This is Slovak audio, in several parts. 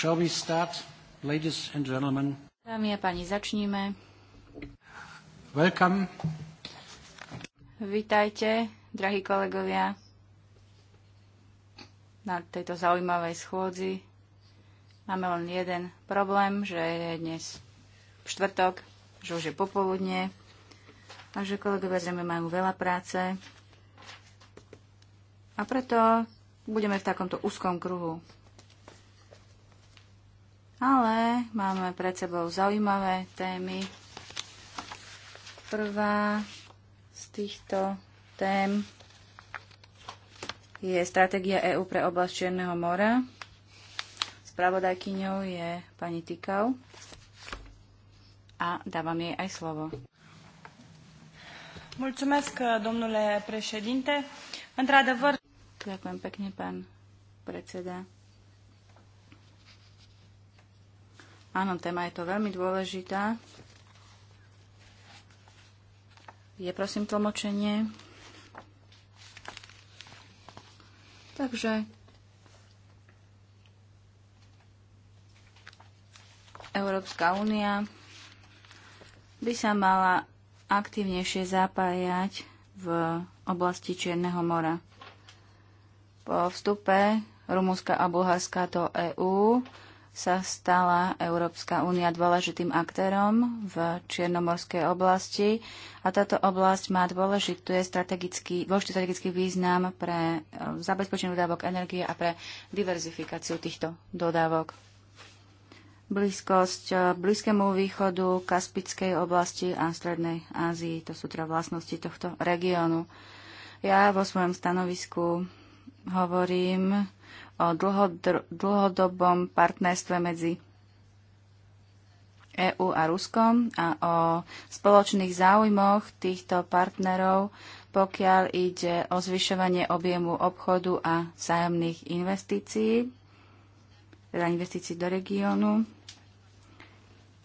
Shall we start, ladies and gentlemen? Dámy a páni, začníme. Welcome. Vítajte, drahí kolegovia, na tejto zaujímavej schôdzi. Máme len jeden problém, že je dnes štvrtok, že už je popoludne, takže kolegovia zrejme majú veľa práce. A preto budeme v takomto úzkom kruhu ale máme pred sebou zaujímavé témy. Prvá z týchto tém je stratégia EÚ pre oblasť Čierneho mora. Spravodajkyňou je pani Tikau a dávam jej aj slovo. Mulțumesc, domnule președinte. Într-adevăr... Ďakujem pekne, pán predseda. Áno, téma je to veľmi dôležitá. Je prosím tlmočenie. Takže Európska únia by sa mala aktívnejšie zapájať v oblasti Čierneho mora. Po vstupe Rumunska a Bulharska do EÚ sa stala Európska únia dôležitým aktérom v Čiernomorskej oblasti a táto oblasť má dôležitý strategický, dôležitý strategický význam pre e, zabezpečenie dodávok energie a pre diverzifikáciu týchto dodávok. Blízkosť e, Blízkému východu, Kaspickej oblasti a Strednej Ázii, to sú teda vlastnosti tohto regiónu. Ja vo svojom stanovisku hovorím, o dlhodobom partnerstve medzi EÚ a Ruskom a o spoločných záujmoch týchto partnerov, pokiaľ ide o zvyšovanie objemu obchodu a vzájomných investícií, teda investícií do regiónu.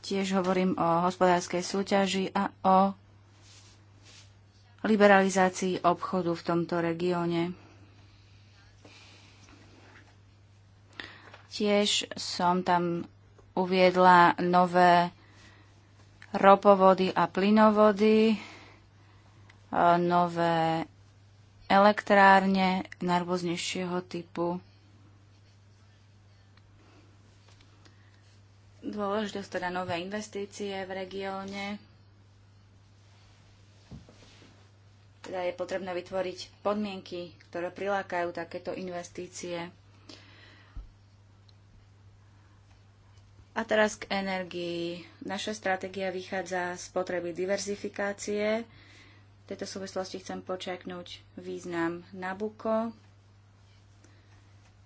Tiež hovorím o hospodárskej súťaži a o liberalizácii obchodu v tomto regióne. Tiež som tam uviedla nové ropovody a plynovody, nové elektrárne najrôznejšieho typu. Dôležitosť teda nové investície v regióne. Teda je potrebné vytvoriť podmienky, ktoré prilákajú takéto investície. A teraz k energii. Naša stratégia vychádza z potreby diverzifikácie. V tejto súvislosti chcem počaknúť význam Nabuko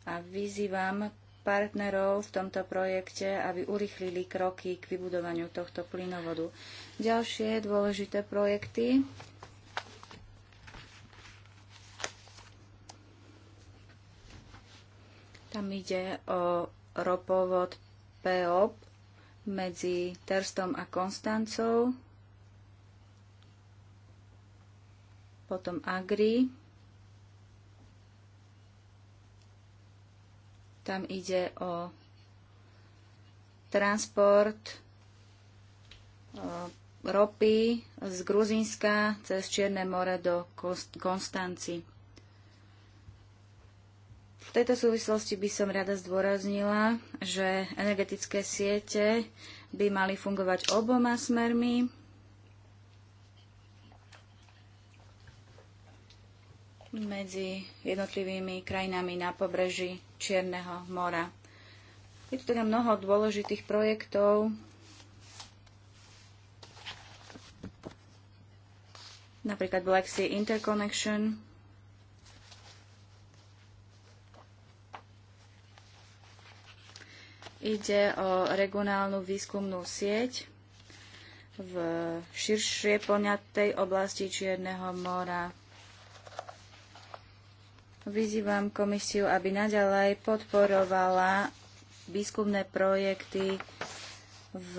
a vyzývam partnerov v tomto projekte, aby urychlili kroky k vybudovaniu tohto plynovodu. Ďalšie dôležité projekty Tam ide o ropovod Peop medzi Terstom a Konstancou, potom Agri, tam ide o transport ropy z Gruzínska cez Čierne more do Konstanci. V tejto súvislosti by som rada zdôraznila, že energetické siete by mali fungovať oboma smermi. medzi jednotlivými krajinami na pobreží Čierneho mora. Je tu teda mnoho dôležitých projektov, napríklad Black Sea Interconnection, Ide o regionálnu výskumnú sieť v širšie poňatej oblasti Čierneho mora. Vyzývam komisiu, aby naďalej podporovala výskumné projekty v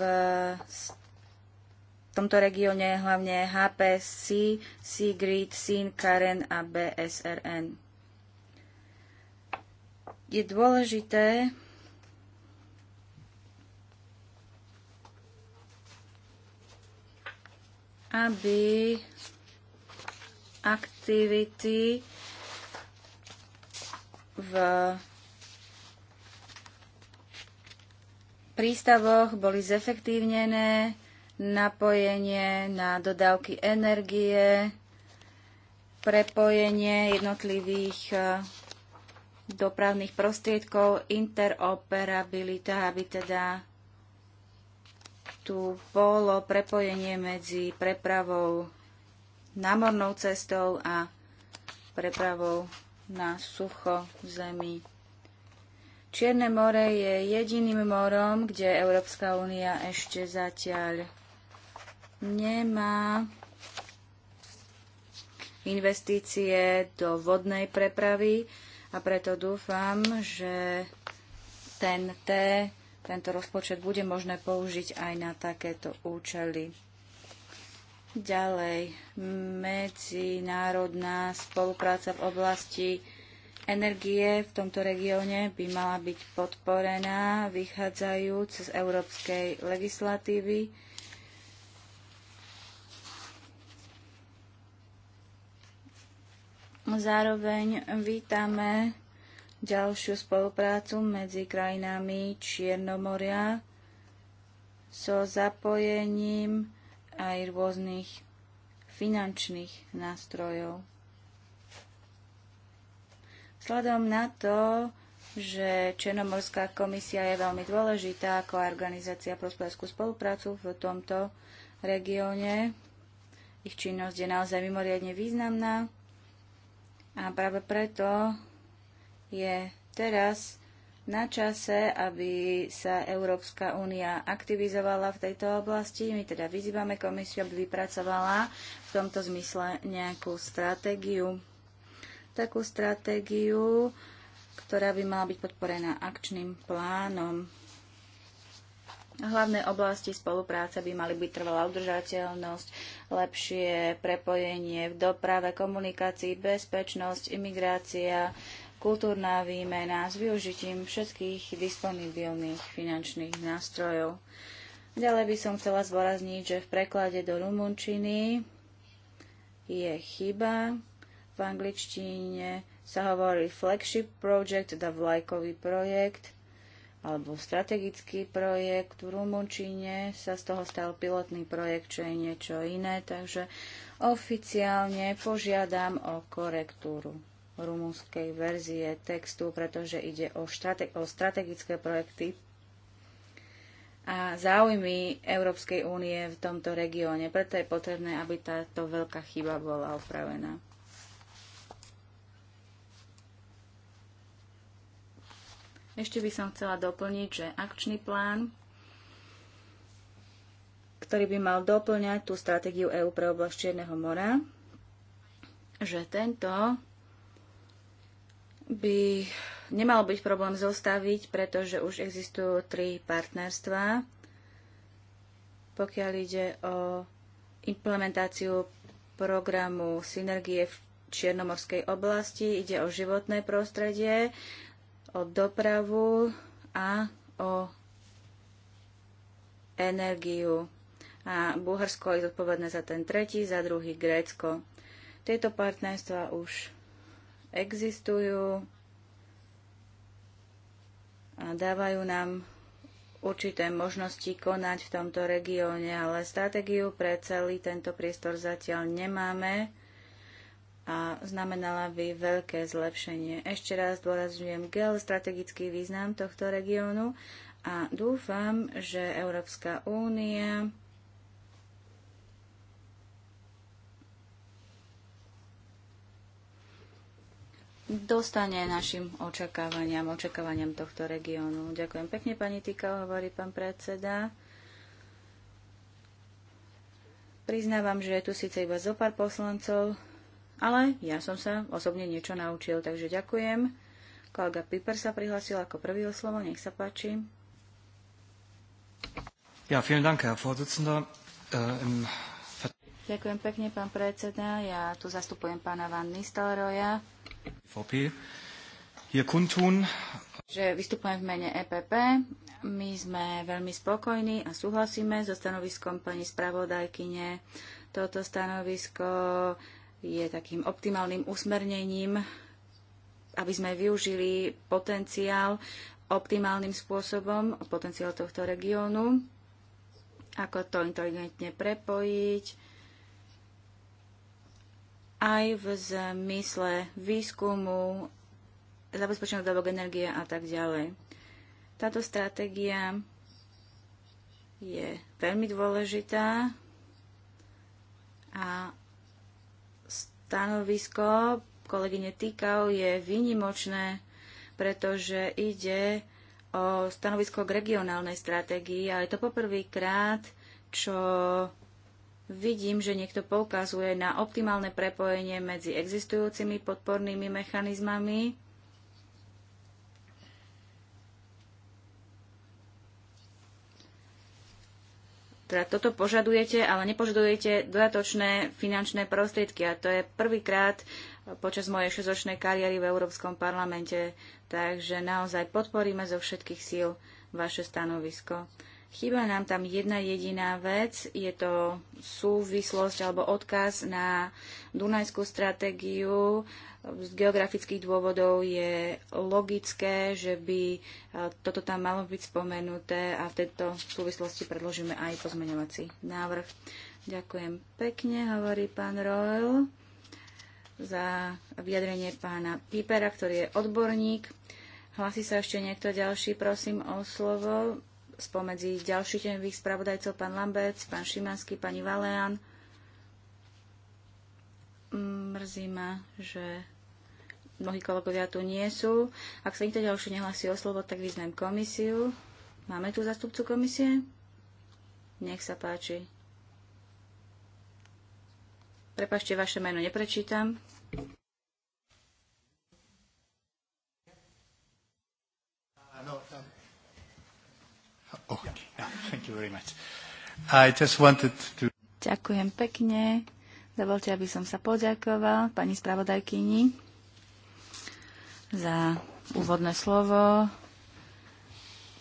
tomto regióne, hlavne HPSC, Sigrid, SIN, Karen a BSRN. Je dôležité, aby aktivity v prístavoch boli zefektívnené, napojenie na dodávky energie, prepojenie jednotlivých e, dopravných prostriedkov, interoperabilita, aby teda tu bolo prepojenie medzi prepravou námornou cestou a prepravou na sucho zemi. Čierne more je jediným morom, kde Európska únia ešte zatiaľ nemá investície do vodnej prepravy a preto dúfam, že ten T tento rozpočet bude možné použiť aj na takéto účely. Ďalej, medzinárodná spolupráca v oblasti energie v tomto regióne by mala byť podporená, vychádzajúc z európskej legislatívy. Zároveň vítame ďalšiu spoluprácu medzi krajinami Čiernomoria so zapojením aj rôznych finančných nástrojov. Vzhľadom na to, že Černomorská komisia je veľmi dôležitá ako organizácia pro hospodárskú spoluprácu v tomto regióne. Ich činnosť je naozaj mimoriadne významná a práve preto je teraz na čase, aby sa Európska únia aktivizovala v tejto oblasti. My teda vyzývame komisiu, aby vypracovala v tomto zmysle nejakú stratégiu. Takú stratégiu, ktorá by mala byť podporená akčným plánom. Hlavné oblasti spolupráce by mali byť trvalá udržateľnosť, lepšie prepojenie v doprave, komunikácii, bezpečnosť, imigrácia, kultúrna výmena s využitím všetkých disponibilných finančných nástrojov. Ďalej by som chcela zvorazniť, že v preklade do rumunčiny je chyba. V angličtine sa hovorí flagship project, teda vlajkový projekt, alebo strategický projekt. V rumunčine sa z toho stal pilotný projekt, čo je niečo iné, takže oficiálne požiadam o korektúru rumúnskej verzie textu, pretože ide o, štrate- o strategické projekty a záujmy Európskej únie v tomto regióne. Preto je potrebné, aby táto veľká chyba bola opravená. Ešte by som chcela doplniť, že akčný plán, ktorý by mal doplňať tú stratégiu EÚ pre oblasť Čierneho mora, že tento by nemal byť problém zostaviť, pretože už existujú tri partnerstva, pokiaľ ide o implementáciu programu Synergie v Čiernomorskej oblasti. Ide o životné prostredie, o dopravu a o energiu. A Bulharsko je zodpovedné za ten tretí, za druhý Grécko. Tieto partnerstva už existujú a dávajú nám určité možnosti konať v tomto regióne, ale stratégiu pre celý tento priestor zatiaľ nemáme a znamenala by veľké zlepšenie. Ešte raz dôrazňujem geostrategický význam tohto regiónu a dúfam, že Európska únia dostane našim očakávaniam, očakávaniam tohto regiónu. Ďakujem pekne, pani Tika, hovorí pán predseda. Priznávam, že je tu síce iba zo pár poslancov, ale ja som sa osobne niečo naučil, takže ďakujem. Kolega Piper sa prihlásil ako prvý o slovo, nech sa páči. Ja, vielen Dank, Herr Vorsitzender. Äh, ďakujem pekne, pán predseda. Ja tu zastupujem pána Van Nistelroja E Hier kundtun. Že vystupujem v mene EPP. My sme veľmi spokojní a súhlasíme so stanoviskom pani spravodajkyne. Toto stanovisko je takým optimálnym usmernením, aby sme využili potenciál optimálnym spôsobom, potenciál tohto regiónu, ako to inteligentne prepojiť, aj v zmysle výskumu, zabezpečených dobok energie a tak ďalej. Táto stratégia je veľmi dôležitá a stanovisko kolegyne Týkau je výnimočné, pretože ide o stanovisko k regionálnej stratégii a je to poprvýkrát, čo vidím, že niekto poukazuje na optimálne prepojenie medzi existujúcimi podpornými mechanizmami Teda toto požadujete, ale nepožadujete dodatočné finančné prostriedky. A to je prvýkrát počas mojej šesťročnej kariéry v Európskom parlamente. Takže naozaj podporíme zo všetkých síl vaše stanovisko. Chýba nám tam jedna jediná vec, je to súvislosť alebo odkaz na Dunajskú stratégiu. Z geografických dôvodov je logické, že by e, toto tam malo byť spomenuté a v tejto súvislosti predložíme aj pozmeňovací návrh. Ďakujem pekne, hovorí pán Royal za vyjadrenie pána Pípera, ktorý je odborník. Hlasí sa ešte niekto ďalší, prosím, o slovo spomedzi ďalších tenových spravodajcov, pán Lambec, pán Šimanský, pani Valean. Mrzí ma, že mnohí kolegovia tu nie sú. Ak sa nikto ďalšie nehlasí o slovo, tak vyznám komisiu. Máme tu zastupcu komisie? Nech sa páči. Prepašte, vaše meno neprečítam. Yeah, thank you very much. I just wanted to... Ďakujem pekne. Dovolte, aby som sa poďakoval pani spravodajkyni za úvodné slovo.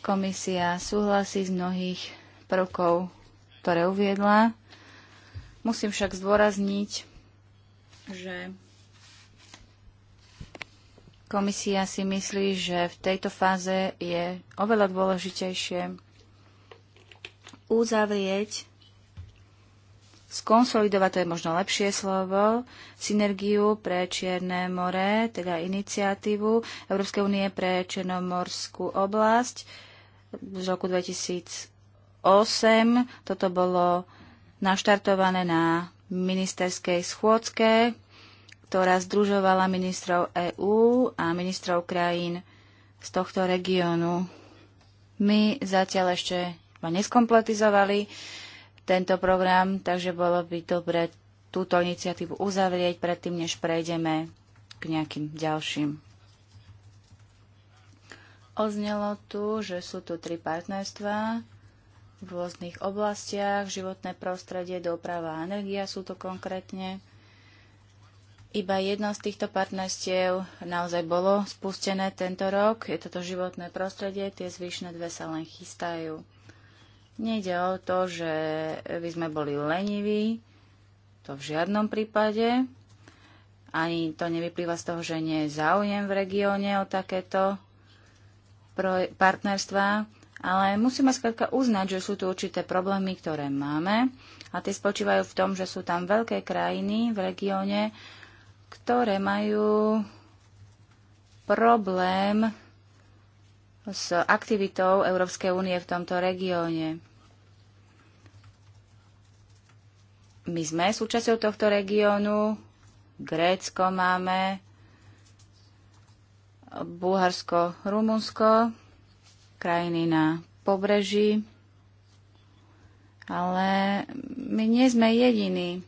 Komisia súhlasí z mnohých prvkov, ktoré uviedla. Musím však zdôrazniť, že komisia si myslí, že v tejto fáze je oveľa dôležitejšie uzavrieť, skonsolidovať, to je možno lepšie slovo, synergiu pre Čierne more, teda iniciatívu Európskej únie pre Černomorskú oblasť z roku 2008. Toto bolo naštartované na ministerskej schôdzke, ktorá združovala ministrov EÚ a ministrov krajín z tohto regiónu. My zatiaľ ešte sme neskompletizovali tento program, takže bolo by dobre túto iniciatívu uzavrieť predtým, než prejdeme k nejakým ďalším. Oznelo tu, že sú tu tri partnerstva v rôznych oblastiach, životné prostredie, doprava a energia sú to konkrétne. Iba jedno z týchto partnerstiev naozaj bolo spustené tento rok. Je toto životné prostredie, tie zvyšné dve sa len chystajú. Nejde o to, že by sme boli leniví, to v žiadnom prípade. Ani to nevyplýva z toho, že nie je záujem v regióne o takéto partnerstva, ale musíme skrátka uznať, že sú tu určité problémy, ktoré máme a tie spočívajú v tom, že sú tam veľké krajiny v regióne, ktoré majú problém s aktivitou Európskej únie v tomto regióne. My sme súčasťou tohto regiónu, Grécko máme, Bulharsko, Rumunsko, krajiny na pobreží, ale my nie sme jediní.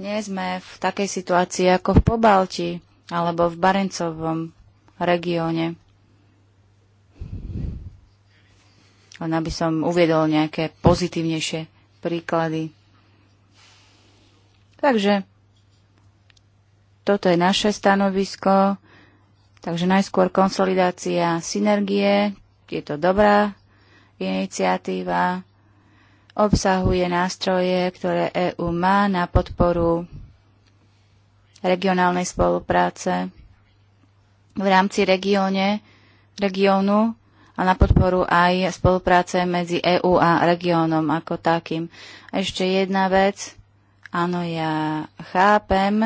Nie sme v takej situácii ako v Pobalti alebo v Barencovom regióne. Len aby som uviedol nejaké pozitívnejšie príklady. Takže toto je naše stanovisko. Takže najskôr konsolidácia synergie. Je to dobrá iniciatíva. Obsahuje nástroje, ktoré EÚ má na podporu regionálnej spolupráce v rámci regióne, regiónu a na podporu aj spolupráce medzi EÚ a regiónom ako takým. A ešte jedna vec, Áno, ja chápem,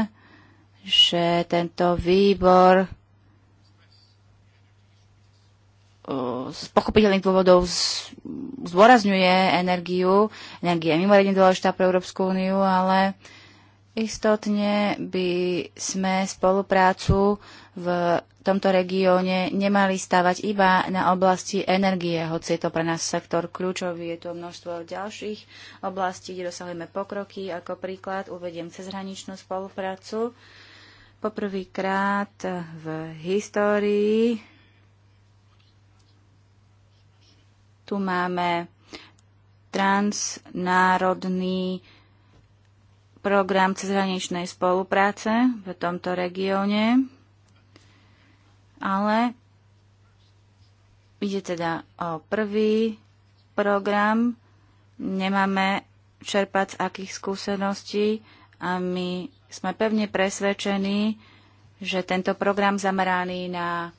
že tento výbor uh, z pochopiteľných dôvodov zdôrazňuje energiu. Energia je mimoriadne dôležitá pre Európsku úniu, ale uh, Istotne by sme spoluprácu v tomto regióne nemali stavať iba na oblasti energie, hoci je to pre nás sektor kľúčový, je tu množstvo ďalších oblastí, kde dosahujeme pokroky. Ako príklad uvediem cezhraničnú spoluprácu. Poprvýkrát v histórii tu máme transnárodný program cezhraničnej spolupráce v tomto regióne, ale ide teda o prvý program. Nemáme čerpať z akých skúseností a my sme pevne presvedčení, že tento program zameraný na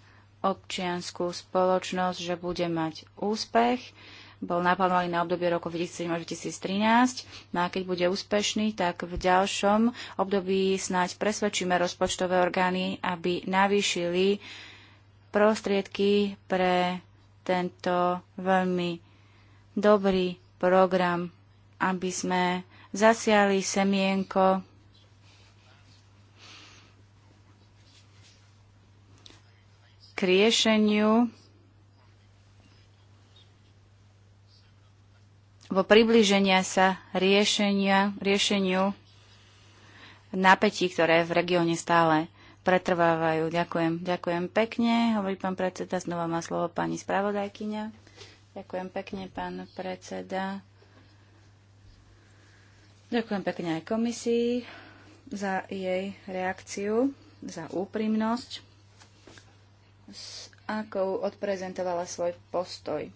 občianskú spoločnosť, že bude mať úspech bol naplánovaný na obdobie roku 2007 až 2013. No a keď bude úspešný, tak v ďalšom období snáď presvedčíme rozpočtové orgány, aby navýšili prostriedky pre tento veľmi dobrý program, aby sme zasiali semienko k riešeniu vo priblíženia sa riešenia, riešeniu napätí, ktoré v regióne stále pretrvávajú. Ďakujem, ďakujem pekne, hovorí pán predseda. Znova má slovo pani spravodajkyňa. Ďakujem pekne, pán predseda. Ďakujem pekne aj komisii za jej reakciu, za úprimnosť, s akou odprezentovala svoj postoj.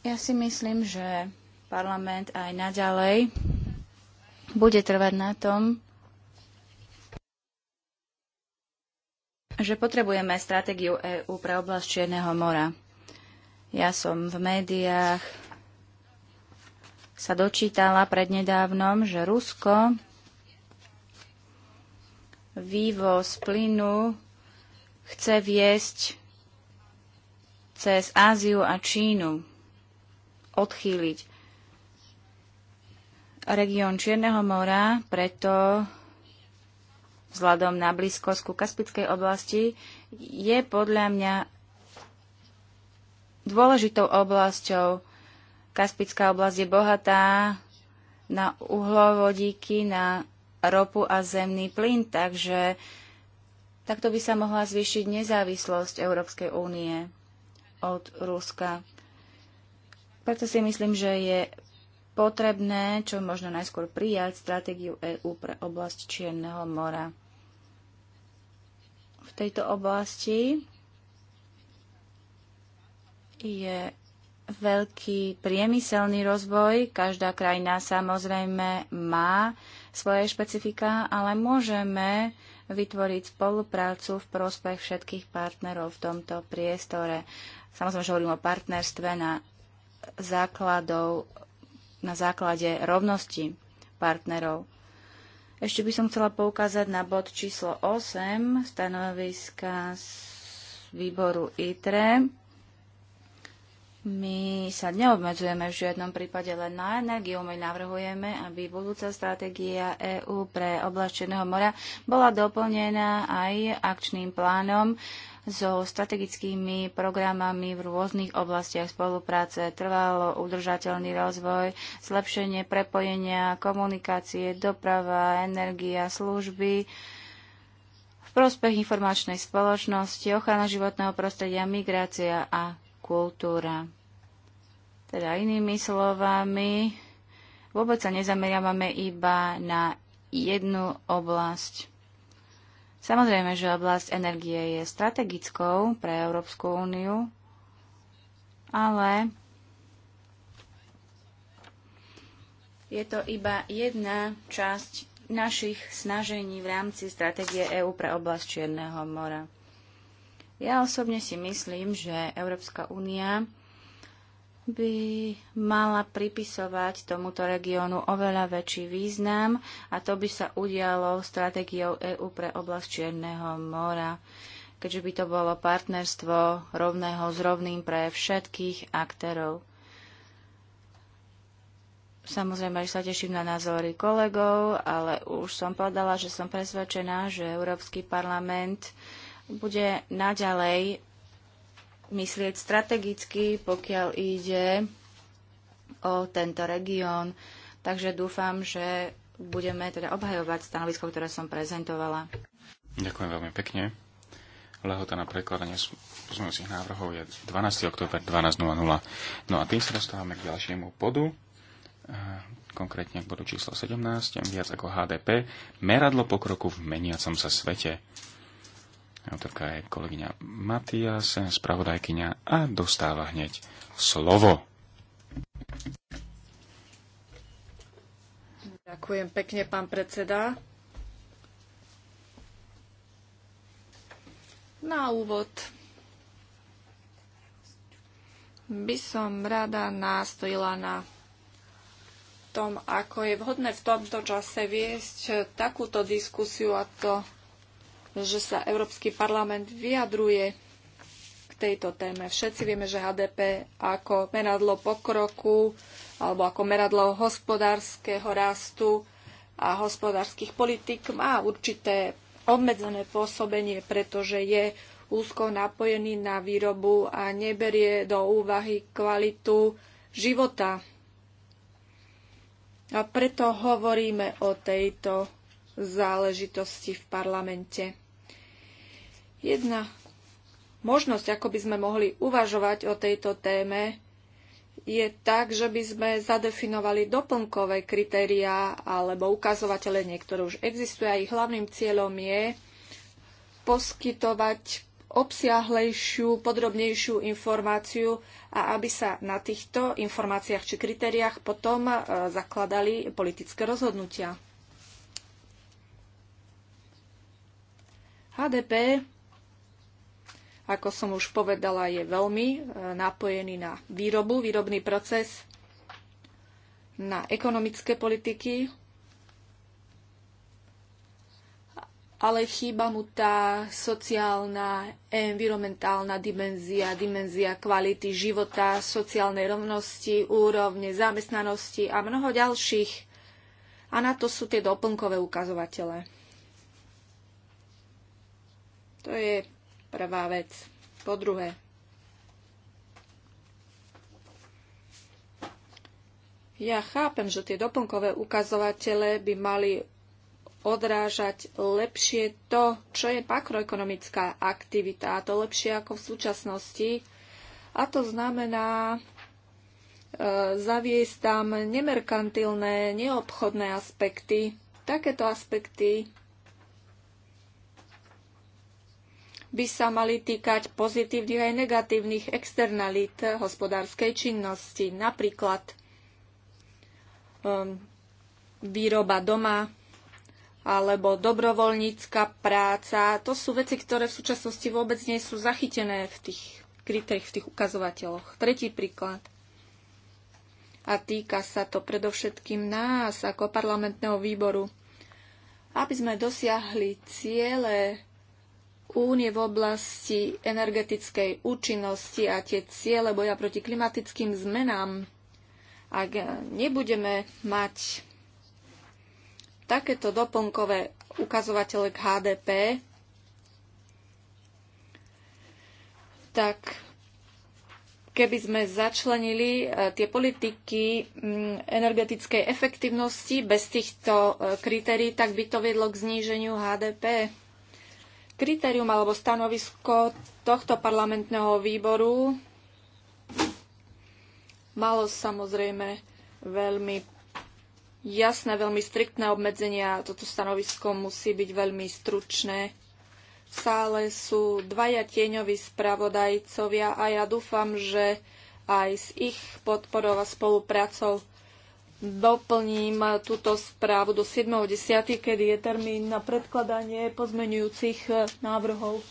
Ja si myslím, že parlament aj naďalej bude trvať na tom, že potrebujeme stratégiu EÚ pre oblasť Čierneho mora. Ja som v médiách sa dočítala prednedávnom, že Rusko vývoz plynu chce viesť cez Áziu a Čínu odchýliť. Región Čierneho mora preto vzhľadom na blízkosť ku Kaspickej oblasti je podľa mňa dôležitou oblasťou. Kaspická oblasť je bohatá na uhlovodíky, na ropu a zemný plyn, takže takto by sa mohla zvýšiť nezávislosť Európskej únie od Ruska. Preto si myslím, že je potrebné čo možno najskôr prijať stratégiu EÚ pre oblasť Čierneho mora. V tejto oblasti je veľký priemyselný rozvoj. Každá krajina samozrejme má svoje špecifika, ale môžeme vytvoriť spoluprácu v prospech všetkých partnerov v tomto priestore. Samozrejme, že hovorím o partnerstve na základov na základe rovnosti partnerov. Ešte by som chcela poukázať na bod číslo 8 stanoviska z výboru ITRE my sa neobmedzujeme v žiadnom prípade len na energiu. My navrhujeme, aby budúca stratégia EÚ pre oblasť Černého mora bola doplnená aj akčným plánom so strategickými programami v rôznych oblastiach spolupráce, trvalo udržateľný rozvoj, zlepšenie prepojenia, komunikácie, doprava, energia, služby v prospech informačnej spoločnosti, ochrana životného prostredia, migrácia a kultúra. Teda inými slovami, vôbec sa nezameriavame iba na jednu oblasť. Samozrejme, že oblasť energie je strategickou pre Európsku úniu, ale je to iba jedna časť našich snažení v rámci stratégie EÚ pre oblasť Čierneho mora. Ja osobne si myslím, že Európska únia by mala pripisovať tomuto regiónu oveľa väčší význam a to by sa udialo stratégiou EÚ pre oblasť Čierneho mora, keďže by to bolo partnerstvo rovného s rovným pre všetkých aktérov. Samozrejme, že sa teším na názory kolegov, ale už som povedala, že som presvedčená, že Európsky parlament bude naďalej myslieť strategicky, pokiaľ ide o tento región. Takže dúfam, že budeme teda obhajovať stanovisko, ktoré som prezentovala. Ďakujem veľmi pekne. Lehota na prekladanie pozmeňujúcich návrhov je 12. október 12.00. No a tým sa dostávame k ďalšiemu bodu, konkrétne k bodu číslo 17, viac ako HDP, meradlo pokroku v meniacom sa svete. Autorka je kolegyňa Matias, spravodajkyňa a dostáva hneď slovo. Ďakujem pekne, pán predseda. Na úvod by som rada nástojila na tom, ako je vhodné v tomto čase viesť takúto diskusiu a to že sa Európsky parlament vyjadruje k tejto téme. Všetci vieme, že HDP ako meradlo pokroku alebo ako meradlo hospodárskeho rastu a hospodárskych politik má určité obmedzené pôsobenie, pretože je úzko napojený na výrobu a neberie do úvahy kvalitu života. A preto hovoríme o tejto záležitosti v parlamente. Jedna možnosť, ako by sme mohli uvažovať o tejto téme, je tak, že by sme zadefinovali doplnkové kritériá alebo ukazovatele, niektoré už existujú a ich hlavným cieľom je poskytovať obsiahlejšiu, podrobnejšiu informáciu a aby sa na týchto informáciách či kritériách potom e, zakladali politické rozhodnutia. HDP ako som už povedala, je veľmi e, napojený na výrobu, výrobný proces, na ekonomické politiky, ale chýba mu tá sociálna, environmentálna dimenzia, dimenzia kvality života, sociálnej rovnosti, úrovne zamestnanosti a mnoho ďalších. A na to sú tie doplnkové ukazovatele. To je Prvá vec. Po druhé, ja chápem, že tie doplnkové ukazovatele by mali odrážať lepšie to, čo je makroekonomická aktivita, a to lepšie ako v súčasnosti. A to znamená e, zaviesť tam nemerkantilné, neobchodné aspekty. Takéto aspekty by sa mali týkať pozitívnych aj negatívnych externalít hospodárskej činnosti, napríklad um, výroba doma alebo dobrovoľnícka práca. To sú veci, ktoré v súčasnosti vôbec nie sú zachytené v tých kritériách, v tých ukazovateľoch. Tretí príklad. A týka sa to predovšetkým nás ako parlamentného výboru. Aby sme dosiahli ciele únie v oblasti energetickej účinnosti a tie ciele boja proti klimatickým zmenám, ak nebudeme mať takéto doplnkové ukazovatele k HDP, tak keby sme začlenili eh, tie politiky mm, energetickej efektivnosti bez týchto eh, kritérií, tak by to viedlo k zníženiu HDP kritérium alebo stanovisko tohto parlamentného výboru malo samozrejme veľmi jasné, veľmi striktné obmedzenia. Toto stanovisko musí byť veľmi stručné. V sále sú dvaja tieňoví spravodajcovia a ja dúfam, že aj s ich podporou a spoluprácou doplním túto správu do 7.10., kedy je termín na predkladanie pozmenujúcich e, návrhov.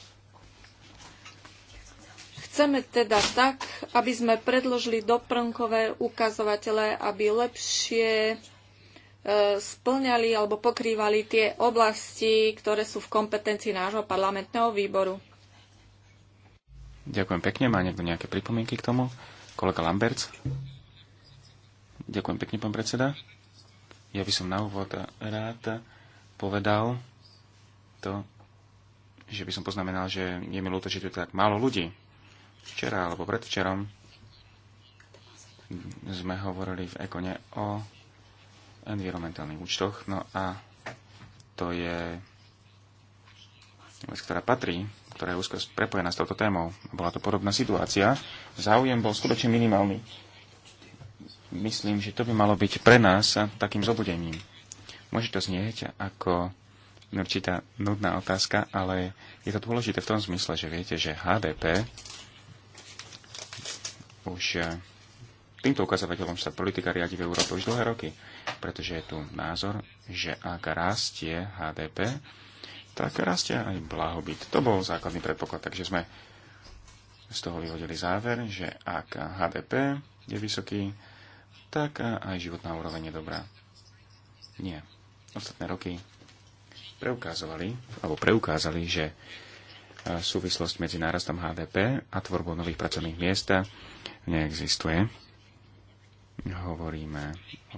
Chceme teda tak, aby sme predložili doplnkové ukazovatele, aby lepšie e, splňali alebo pokrývali tie oblasti, ktoré sú v kompetencii nášho parlamentného výboru. Ďakujem pekne. Má niekto nejaké pripomienky k tomu? Kolega Lamberts. Ďakujem pekne, pán predseda. Ja by som na úvod rád povedal to, že by som poznamenal, že je mi ľúto, že tu je tak málo ľudí. Včera alebo predvčerom sme hovorili v Ekone o environmentálnych účtoch. No a to je vec, ktorá patrí, ktorá je úzko prepojená s touto témou. Bola to podobná situácia. Záujem bol skutočne minimálny myslím, že to by malo byť pre nás takým zobudením. Môže to znieť ako určitá nudná otázka, ale je to dôležité v tom zmysle, že viete, že HDP už eh, týmto ukazovateľom sa politika riadi v Európe už dlhé roky, pretože je tu názor, že ak rastie HDP, tak rastie aj blahobyt. To bol základný predpoklad, takže sme z toho vyhodili záver, že ak HDP je vysoký, tak aj životná úroveň je dobrá. Nie. Ostatné roky preukázali, alebo preukázali, že e, súvislosť medzi nárastom HDP a tvorbou nových pracovných miest neexistuje. Hovoríme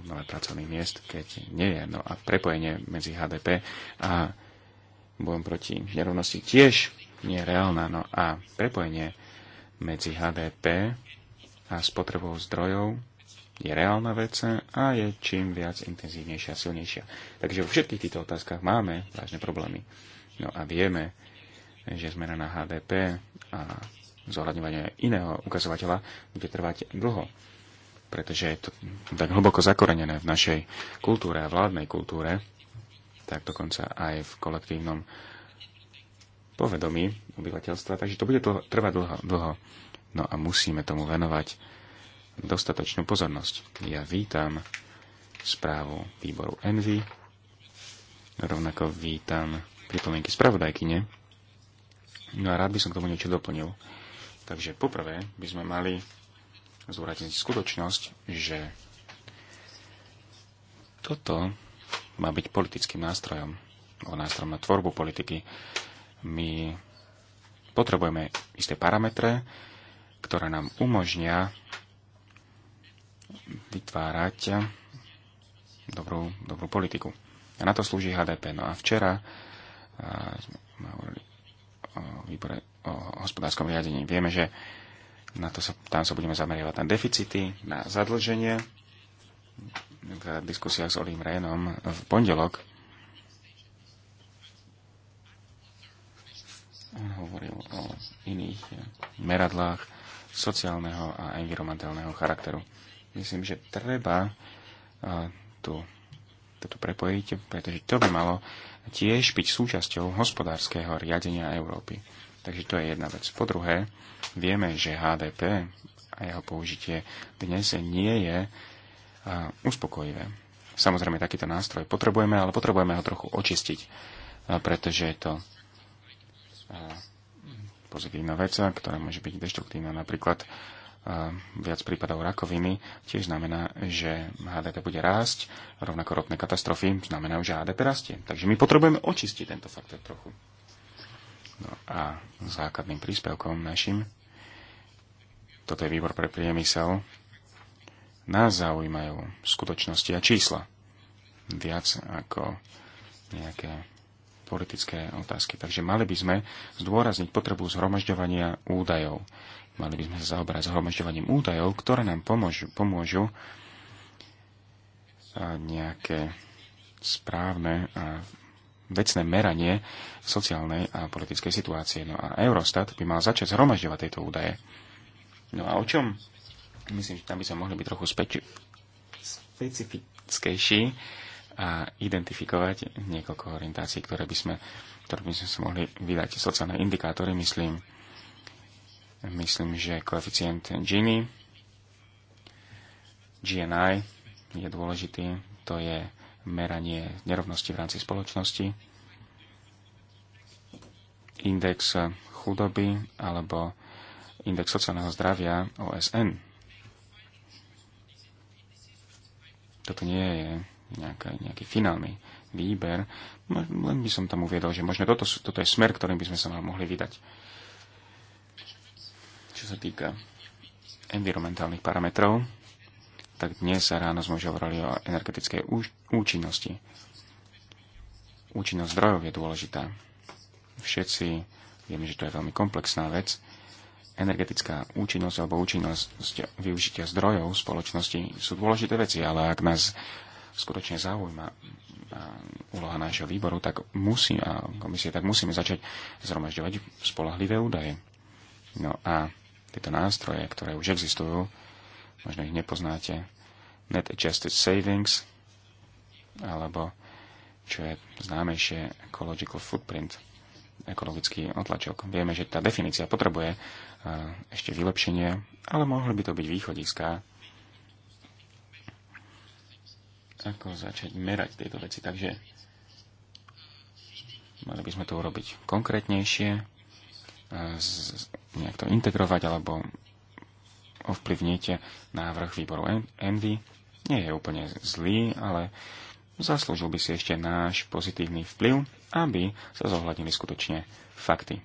o nové pracovných miest, keď nie je. No a prepojenie medzi HDP a bojom proti nerovnosti tiež nie je reálna. No a prepojenie medzi HDP a spotrebou zdrojov je reálna vec a je čím viac intenzívnejšia a silnejšia. Takže vo všetkých týchto otázkach máme vážne problémy. No a vieme, že zmena na HDP a zohľadňovanie iného ukazovateľa bude trvať dlho, pretože je to tak hlboko zakorenené v našej kultúre a vládnej kultúre, tak dokonca aj v kolektívnom povedomí obyvateľstva, takže to bude to trvať dlho, dlho. No a musíme tomu venovať dostatočnú pozornosť. Ja vítam správu výboru Envy, rovnako vítam pripomienky spravodajkyne, no a rád by som k tomu niečo doplnil. Takže poprvé by sme mali zúratiť skutočnosť, že toto má byť politickým nástrojom, alebo nástrojom na tvorbu politiky. My potrebujeme isté parametre, ktoré nám umožnia vytvárať dobrú, dobrú politiku. A na to slúži HDP. No a včera sme hovorili o výbore o hospodárskom riadení. Vieme, že na to sa, tam sa budeme zameriavať na deficity, na zadlženie. V diskusiách s Olím Rénom v pondelok on hovoril o iných meradlách sociálneho a environmentálneho charakteru myslím, že treba tu, toto prepojiť, pretože to by malo tiež byť súčasťou hospodárskeho riadenia Európy. Takže to je jedna vec. Po druhé, vieme, že HDP a jeho použitie dnes nie je uspokojivé. Samozrejme, takýto nástroj potrebujeme, ale potrebujeme ho trochu očistiť, pretože je to pozitívna vec, ktorá môže byť deštruktívna. Napríklad viac prípadov rakoviny, tiež znamená, že HDP bude rásť, rovnako ropné katastrofy znamenajú, že HDP rastie. Takže my potrebujeme očistiť tento faktor trochu. No a základným príspevkom našim, toto je výbor pre priemysel, nás zaujímajú skutočnosti a čísla. Viac ako nejaké politické otázky. Takže mali by sme zdôrazniť potrebu zhromažďovania údajov. Mali by sme sa zaoberať zhromažďovaním údajov, ktoré nám pomôžu, pomôžu nejaké správne a vecné meranie sociálnej a politickej situácie. No a Eurostat by mal začať zhromažďovať tieto údaje. No a o čom? Myslím, že tam by sme mohli byť trochu speči- specifickejší a identifikovať niekoľko orientácií, ktoré by sme, ktoré by sme sa mohli vydať. Sociálne indikátory, myslím, Myslím, že koeficient Gini, GNI, je dôležitý. To je meranie nerovnosti v rámci spoločnosti. Index chudoby alebo index sociálneho zdravia OSN. Toto nie je nejaký, nejaký finálny výber. Len by som tam uviedol, že možno toto, toto je smer, ktorým by sme sa mohli vydať čo sa týka environmentálnych parametrov, tak dnes ráno sme už hovorili o energetickej účinnosti. Účinnosť zdrojov je dôležitá. Všetci vieme, že to je veľmi komplexná vec. Energetická účinnosť alebo účinnosť využitia zdrojov spoločnosti sú dôležité veci, ale ak nás skutočne zaujíma úloha nášho výboru, tak musí, a komisie, tak musíme začať zhromažďovať spolahlivé údaje. No a tieto nástroje, ktoré už existujú, možno ich nepoznáte, Net Adjusted Savings, alebo čo je známejšie Ecological Footprint, ekologický otlačok. Vieme, že tá definícia potrebuje e, ešte vylepšenie, ale mohli by to byť východiská. Ako začať merať tieto veci, takže mali by sme to urobiť konkrétnejšie, e, nejak to integrovať alebo ovplyvnite návrh výboru Envy. Nie je úplne zlý, ale zaslúžil by si ešte náš pozitívny vplyv, aby sa zohľadnili skutočne fakty.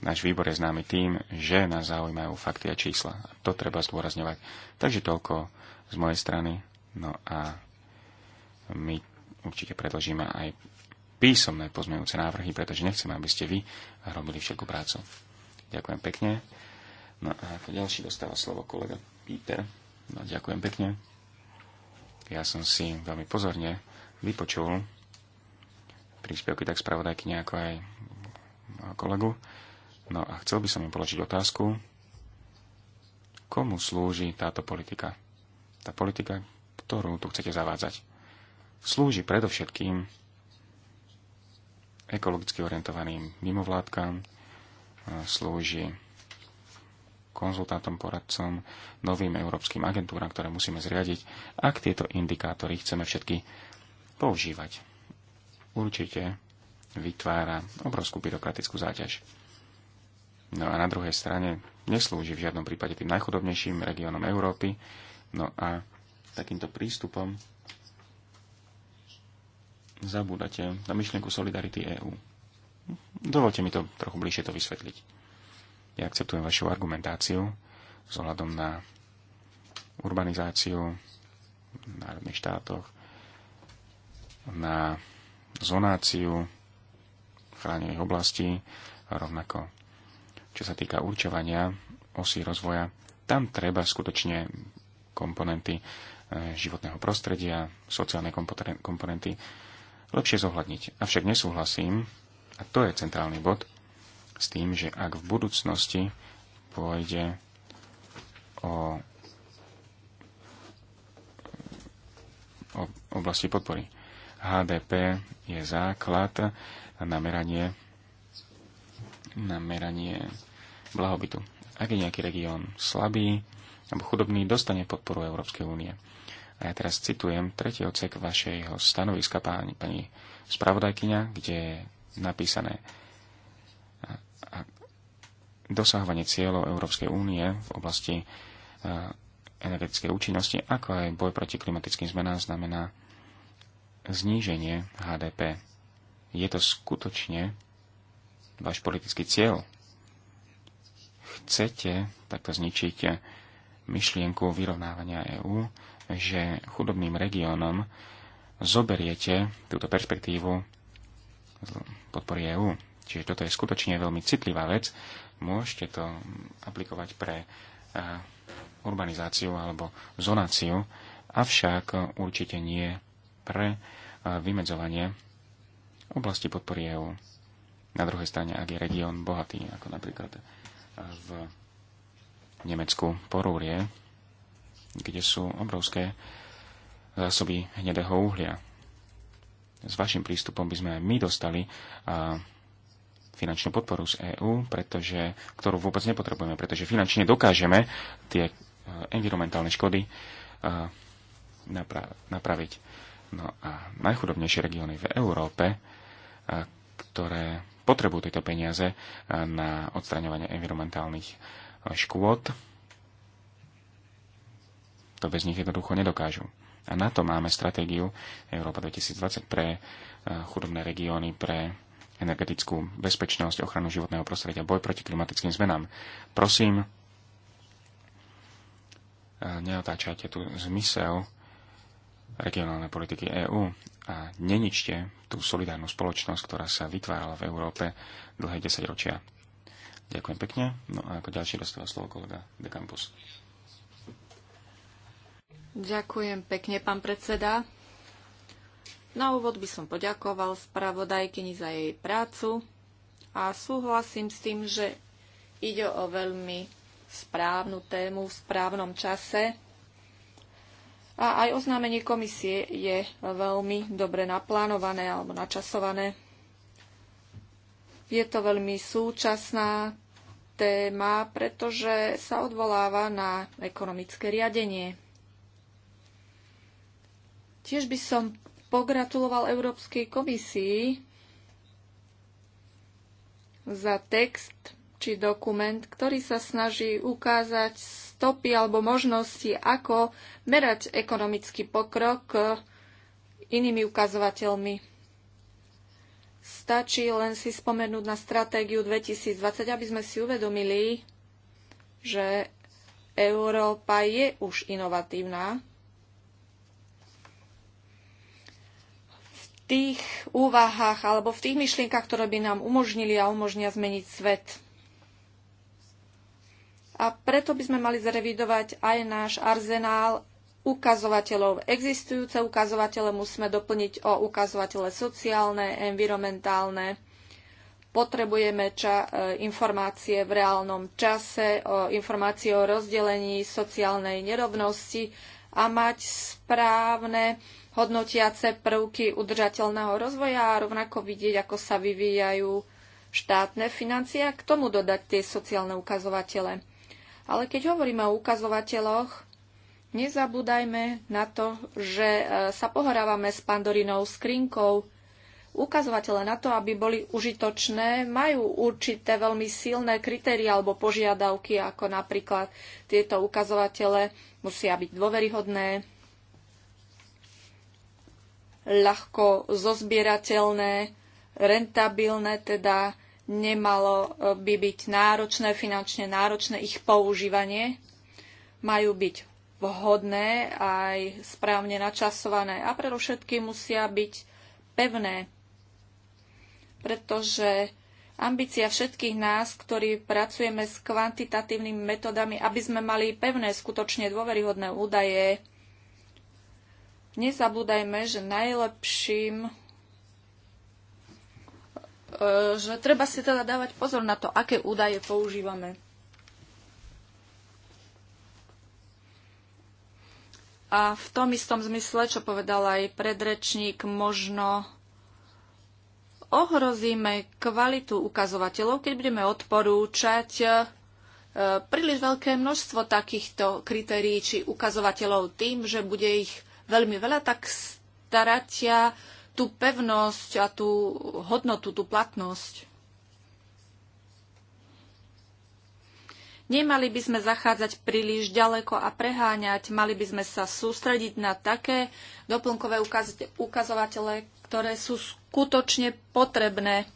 Náš výbor je známy tým, že nás zaujímajú fakty a čísla. A to treba zdôrazňovať. Takže toľko z mojej strany. No a my určite predložíme aj písomné pozmenujúce návrhy, pretože nechcem, aby ste vy robili všetku prácu. Ďakujem pekne. No a ako ďalší dostáva slovo kolega Peter. No, ďakujem pekne. Ja som si veľmi pozorne vypočul príspevky tak spravodajky ako aj kolegu. No a chcel by som im položiť otázku, komu slúži táto politika? Tá politika, ktorú tu chcete zavádzať. Slúži predovšetkým ekologicky orientovaným mimovládkam, slúži konzultantom, poradcom, novým európskym agentúram, ktoré musíme zriadiť, ak tieto indikátory chceme všetky používať. Určite vytvára obrovskú byrokratickú záťaž. No a na druhej strane neslúži v žiadnom prípade tým najchudobnejším regiónom Európy. No a takýmto prístupom zabúdate na myšlienku solidarity EÚ. Dovolte mi to trochu bližšie to vysvetliť. Ja akceptujem vašu argumentáciu s ohľadom na urbanizáciu v národných štátoch, na zonáciu chránených oblastí, rovnako čo sa týka určovania osy rozvoja, tam treba skutočne komponenty eh, životného prostredia, sociálne komponenty lepšie zohľadniť. Avšak nesúhlasím a to je centrálny bod s tým, že ak v budúcnosti pôjde o, o oblasti podpory. HDP je základ na meranie, na meranie blahobytu. Ak je nejaký región slabý alebo chudobný, dostane podporu Európskej únie. A ja teraz citujem tretí ocek vašeho stanoviska, pani, pani spravodajkyňa, kde napísané. A dosahovanie cieľov Európskej únie v oblasti energetickej účinnosti, ako aj boj proti klimatickým zmenám, znamená zníženie HDP. Je to skutočne váš politický cieľ? Chcete takto zničiť myšlienku vyrovnávania EÚ, že chudobným regiónom zoberiete túto perspektívu podpory EÚ. Čiže toto je skutočne veľmi citlivá vec. Môžete to aplikovať pre e, urbanizáciu alebo zonáciu, avšak určite nie pre e, vymedzovanie oblasti podpory EÚ. Na druhej strane, ak je región bohatý, ako napríklad e, v Nemecku Porúrie, kde sú obrovské zásoby hnedého uhlia s vašim prístupom by sme aj my dostali finančnú podporu z EÚ, pretože, ktorú vôbec nepotrebujeme, pretože finančne dokážeme tie e, environmentálne škody e, napraviť. No a najchudobnejšie regióny v Európe, e, ktoré potrebujú tieto peniaze na odstraňovanie environmentálnych škôd, to bez nich jednoducho nedokážu. A na to máme stratégiu Európa 2020 pre e, chudobné regióny, pre energetickú bezpečnosť, ochranu životného prostredia, boj proti klimatickým zmenám. Prosím, e, neotáčajte tu zmysel regionálnej politiky EÚ a neničte tú solidárnu spoločnosť, ktorá sa vytvárala v Európe dlhé desaťročia. Ďakujem pekne. No a ako ďalší dostáva slovo kolega De Campus. Ďakujem pekne, pán predseda. Na úvod by som poďakoval spravodajkyni za jej prácu a súhlasím s tým, že ide o veľmi správnu tému v správnom čase. A aj oznámenie komisie je veľmi dobre naplánované alebo načasované. Je to veľmi súčasná téma, pretože sa odvoláva na ekonomické riadenie. Tiež by som pogratuloval Európskej komisii za text či dokument, ktorý sa snaží ukázať stopy alebo možnosti, ako merať ekonomický pokrok inými ukazovateľmi. Stačí len si spomenúť na stratégiu 2020, aby sme si uvedomili, že Európa je už inovatívna tých úvahách alebo v tých myšlienkach, ktoré by nám umožnili a umožnia zmeniť svet. A preto by sme mali zrevidovať aj náš arzenál ukazovateľov. Existujúce ukazovatele musíme doplniť o ukazovatele sociálne, environmentálne. Potrebujeme ča- e, informácie v reálnom čase, o informácie o rozdelení sociálnej nerovnosti a mať správne hodnotiace prvky udržateľného rozvoja a rovnako vidieť, ako sa vyvíjajú štátne financie a k tomu dodať tie sociálne ukazovatele. Ale keď hovoríme o ukazovateľoch, nezabúdajme na to, že e, sa pohorávame s pandorinou skrinkou. Ukazovatele na to, aby boli užitočné, majú určité veľmi silné kritéria alebo požiadavky, ako napríklad tieto ukazovatele musia byť dôveryhodné, ľahko zozbierateľné, rentabilné, teda nemalo eh, by byť náročné, finančne náročné ich používanie. Majú byť vhodné aj správne načasované a pre všetky musia byť pevné, pretože ambícia všetkých nás, ktorí pracujeme s kvantitatívnymi metodami, aby sme mali pevné, skutočne dôveryhodné údaje, nezabúdajme, že najlepším eh, že treba si teda dávať pozor na to, aké údaje používame. A v tom istom zmysle, čo povedal aj predrečník, možno ohrozíme kvalitu ukazovateľov, keď budeme odporúčať eh, príliš veľké množstvo takýchto kritérií či ukazovateľov tým, že bude ich veľmi veľa, tak staratia tú pevnosť a tú hodnotu, tú platnosť. Nemali by sme zachádzať príliš ďaleko a preháňať, mali by sme sa sústrediť na také doplnkové ukaz- ukazovatele, ktoré sú skutočne potrebné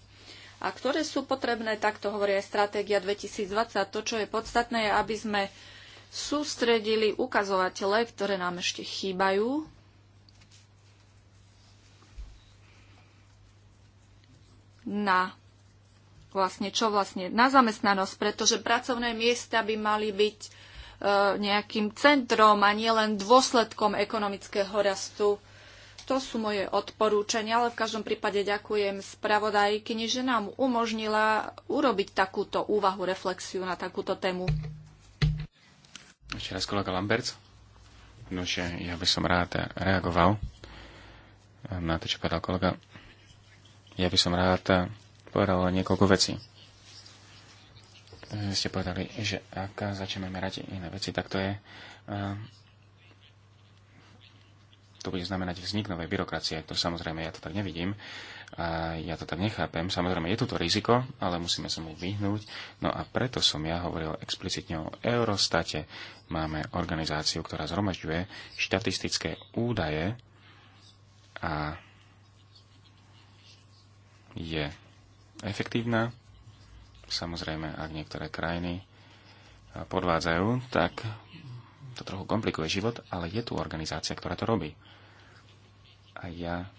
a ktoré sú potrebné, tak to hovorí aj stratégia 2020. To, čo je podstatné, je, aby sme sústredili ukazovatele, ktoré nám ešte chýbajú. na vlastne čo vlastne na zamestnanosť, pretože pracovné miesta by mali byť e, nejakým centrom a nielen dôsledkom ekonomického rastu. To sú moje odporúčania, ale v každom prípade ďakujem spravodajkyni, že nám umožnila urobiť takúto úvahu, reflexiu na takúto tému. Ešte raz kolega Lambert. Nože, ja by som rád reagoval na to, čo povedal kolega. Ja by som rád povedal niekoľko vecí. Ste povedali, že ak začneme merať iné veci, tak to je eh, to bude znamenať vznik novej byrokracie. To samozrejme ja to tak nevidím. A ja to tak nechápem. Samozrejme, je tu to riziko, ale musíme sa mu vyhnúť. No a preto som ja hovoril explicitne o Eurostate. Máme organizáciu, ktorá zhromažďuje štatistické údaje a je efektívna. Samozrejme, ak niektoré krajiny podvádzajú, tak to trochu komplikuje život, ale je tu organizácia, ktorá to robí. A ja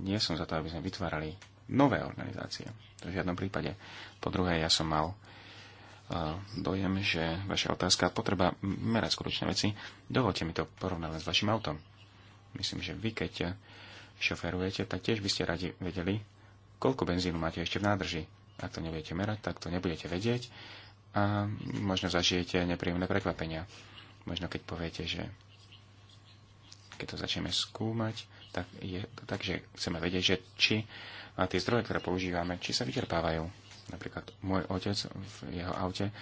nie som za to, aby sme vytvárali nové organizácie. To v žiadnom prípade. Po druhé, ja som mal eh, dojem, že vaša otázka potreba merať skutočné veci. Dovolte mi to porovnávať s vašim autom. Myslím, že vy, keď šoferujete, tak tiež by ste radi vedeli, koľko benzínu máte ešte v nádrži. Ak to nebudete merať, tak to nebudete vedieť a možno zažijete nepríjemné prekvapenia. Možno keď poviete, že keď to začneme skúmať, tak je takže chceme vedieť, že či a tie zdroje, ktoré používame, či sa vyčerpávajú. Napríklad môj otec v jeho aute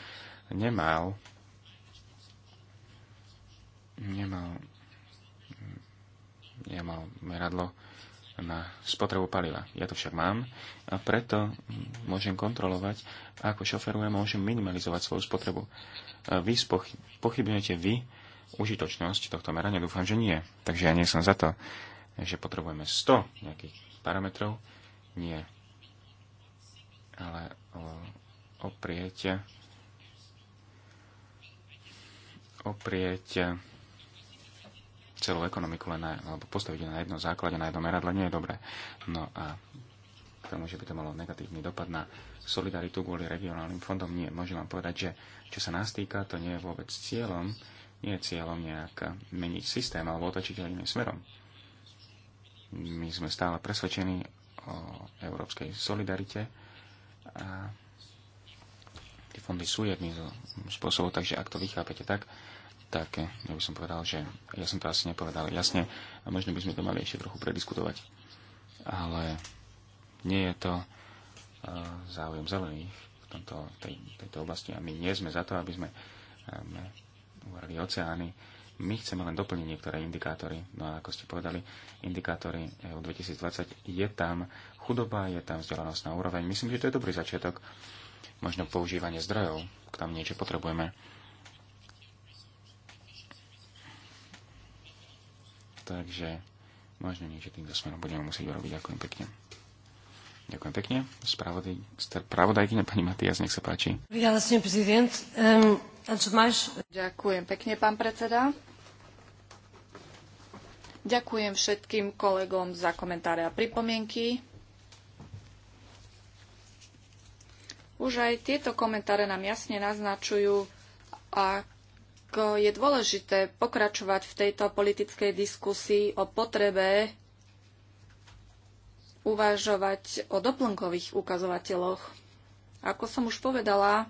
nemal nemal nemal meradlo na spotrebu paliva. Ja to však mám a preto môžem kontrolovať, ako šoferujem, môžem minimalizovať svoju spotrebu. Vy pochybujete vy užitočnosť tohto merania? Dúfam, že nie. Takže ja nie som za to. Takže potrebujeme 100 nejakých parametrov, nie, ale oprieť oprieť celú ekonomiku len na, alebo postaviť na jednom základe, na jednom meradle nie je dobré. No a tomu, že by to malo negatívny dopad na solidaritu kvôli regionálnym fondom, nie. Môžem vám povedať, že čo sa nás týka, to nie je vôbec cieľom, nie je cieľom nejak meniť systém alebo otočiť ho iným smerom. My sme stále presvedčení o európskej solidarite a tie fondy sú jedným zo spôsobov, takže ak to vychápete tak, tak eh, ja by som povedal, že ja som to asi nepovedal jasne a možno by sme to mali ešte trochu prediskutovať. Ale nie je to eh, záujem zelených v tomto, tej, tejto oblasti a my nie sme za to, aby sme, sme eh, uvarili oceány my chceme len doplniť niektoré indikátory. No a ako ste povedali, indikátory EU 2020 je tam chudoba, je tam vzdelanosť na úroveň. Myslím, že to je dobrý začiatok. Možno používanie zdrojov, k tam niečo potrebujeme. Takže možno niečo týmto smerom budeme musieť urobiť. Ďakujem pekne. Ďakujem pekne. Spravodajkyňa pani Matias, nech sa páči. Ehm, Ďakujem pekne, pán predseda. Ďakujem všetkým kolegom za komentáre a pripomienky. Už aj tieto komentáre nám jasne naznačujú, ako je dôležité pokračovať v tejto politickej diskusii o potrebe uvažovať o doplnkových ukazovateľoch. Ako som už povedala,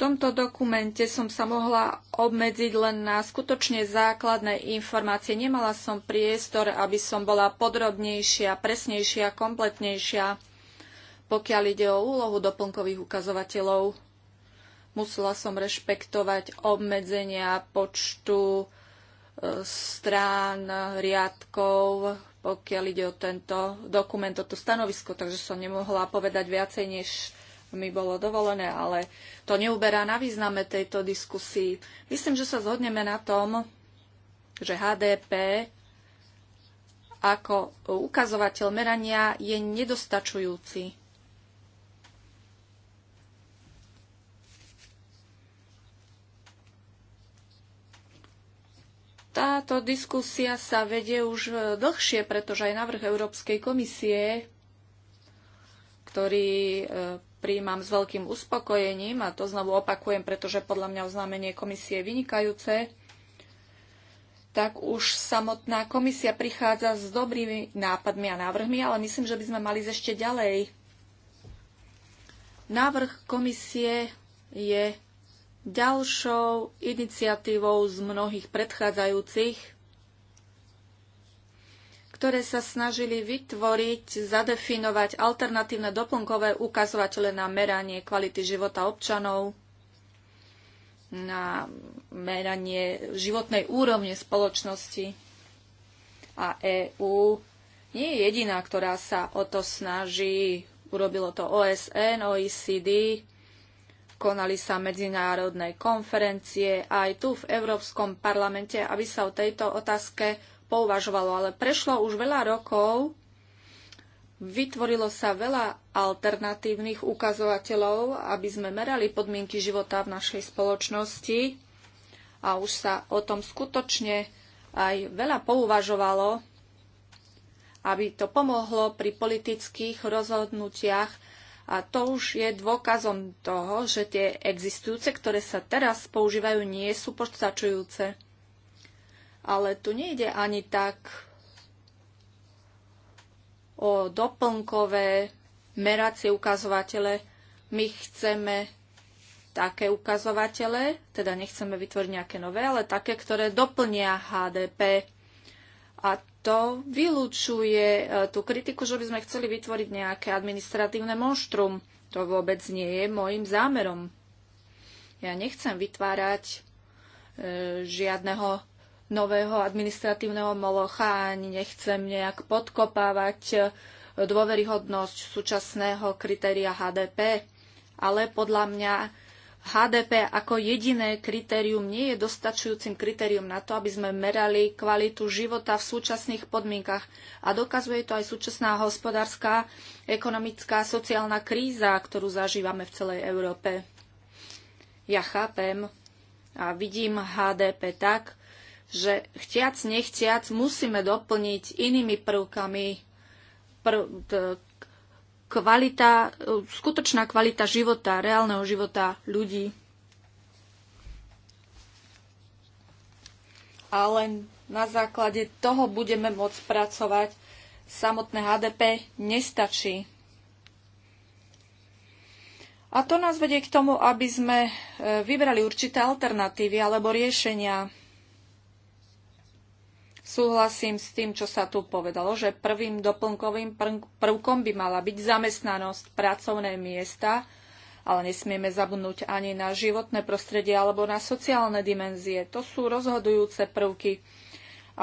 tomto dokumente som sa mohla obmedziť len na skutočne základné informácie. Nemala som priestor, aby som bola podrobnejšia, presnejšia, kompletnejšia, pokiaľ ide o úlohu doplnkových ukazovateľov. Musela som rešpektovať obmedzenia počtu e, strán, riadkov, pokiaľ ide o tento dokument, o to stanovisko, takže som nemohla povedať viacej než mi bolo dovolené, ale to neuberá na význame tejto diskusii. Myslím, že sa zhodneme na tom, že HDP ako ukazovateľ merania je nedostačujúci. Táto diskusia sa vedie už dlhšie, pretože aj návrh Európskej komisie, ktorý e, príjmam s veľkým uspokojením a to znovu opakujem, pretože podľa mňa oznámenie komisie je vynikajúce, tak už samotná komisia prichádza s dobrými nápadmi a návrhmi, ale myslím, že by sme mali ešte ďalej. Návrh komisie je ďalšou iniciatívou z mnohých predchádzajúcich ktoré sa snažili vytvoriť, zadefinovať alternatívne doplnkové ukazovatele na meranie kvality života občanov, na meranie životnej úrovne spoločnosti. A EÚ nie je jediná, ktorá sa o to snaží. Urobilo to OSN, OECD, konali sa medzinárodné konferencie aj tu v Európskom parlamente, aby sa o tejto otázke pouvažovalo, ale prešlo už veľa rokov, vytvorilo sa veľa alternatívnych ukazovateľov, aby sme merali podmienky života v našej spoločnosti a už sa o tom skutočne aj veľa pouvažovalo, aby to pomohlo pri politických rozhodnutiach a to už je dôkazom toho, že tie existujúce, ktoré sa teraz používajú, nie sú postačujúce ale tu nejde ani tak o doplnkové meracie ukazovatele. My chceme také ukazovatele, teda nechceme vytvoriť nejaké nové, ale také, ktoré doplnia HDP. A to vylúčuje e, tú kritiku, že by sme chceli vytvoriť nejaké administratívne monštrum. To vôbec nie je môjim zámerom. Ja nechcem vytvárať e, žiadneho nového administratívneho molocha, ani nechcem nejak podkopávať e, dôveryhodnosť súčasného kritéria HDP, ale podľa mňa HDP ako jediné kritérium nie je dostačujúcim kritérium na to, aby sme merali kvalitu života v súčasných podmienkach. A dokazuje to aj súčasná hospodárska, ekonomická, sociálna kríza, ktorú zažívame v celej Európe. Ja chápem a vidím HDP tak, že chtiac, nechtiac musíme doplniť inými prvkami prv, kvalita, skutočná kvalita života, reálneho života ľudí. A len na základe toho budeme môcť pracovať. Samotné HDP nestačí. A to nás vedie k tomu, aby sme e, vybrali určité alternatívy alebo riešenia Súhlasím s tým, čo sa tu povedalo, že prvým doplnkovým prvkom by mala byť zamestnanosť, pracovné miesta, ale nesmieme zabudnúť ani na životné prostredie alebo na sociálne dimenzie. To sú rozhodujúce prvky.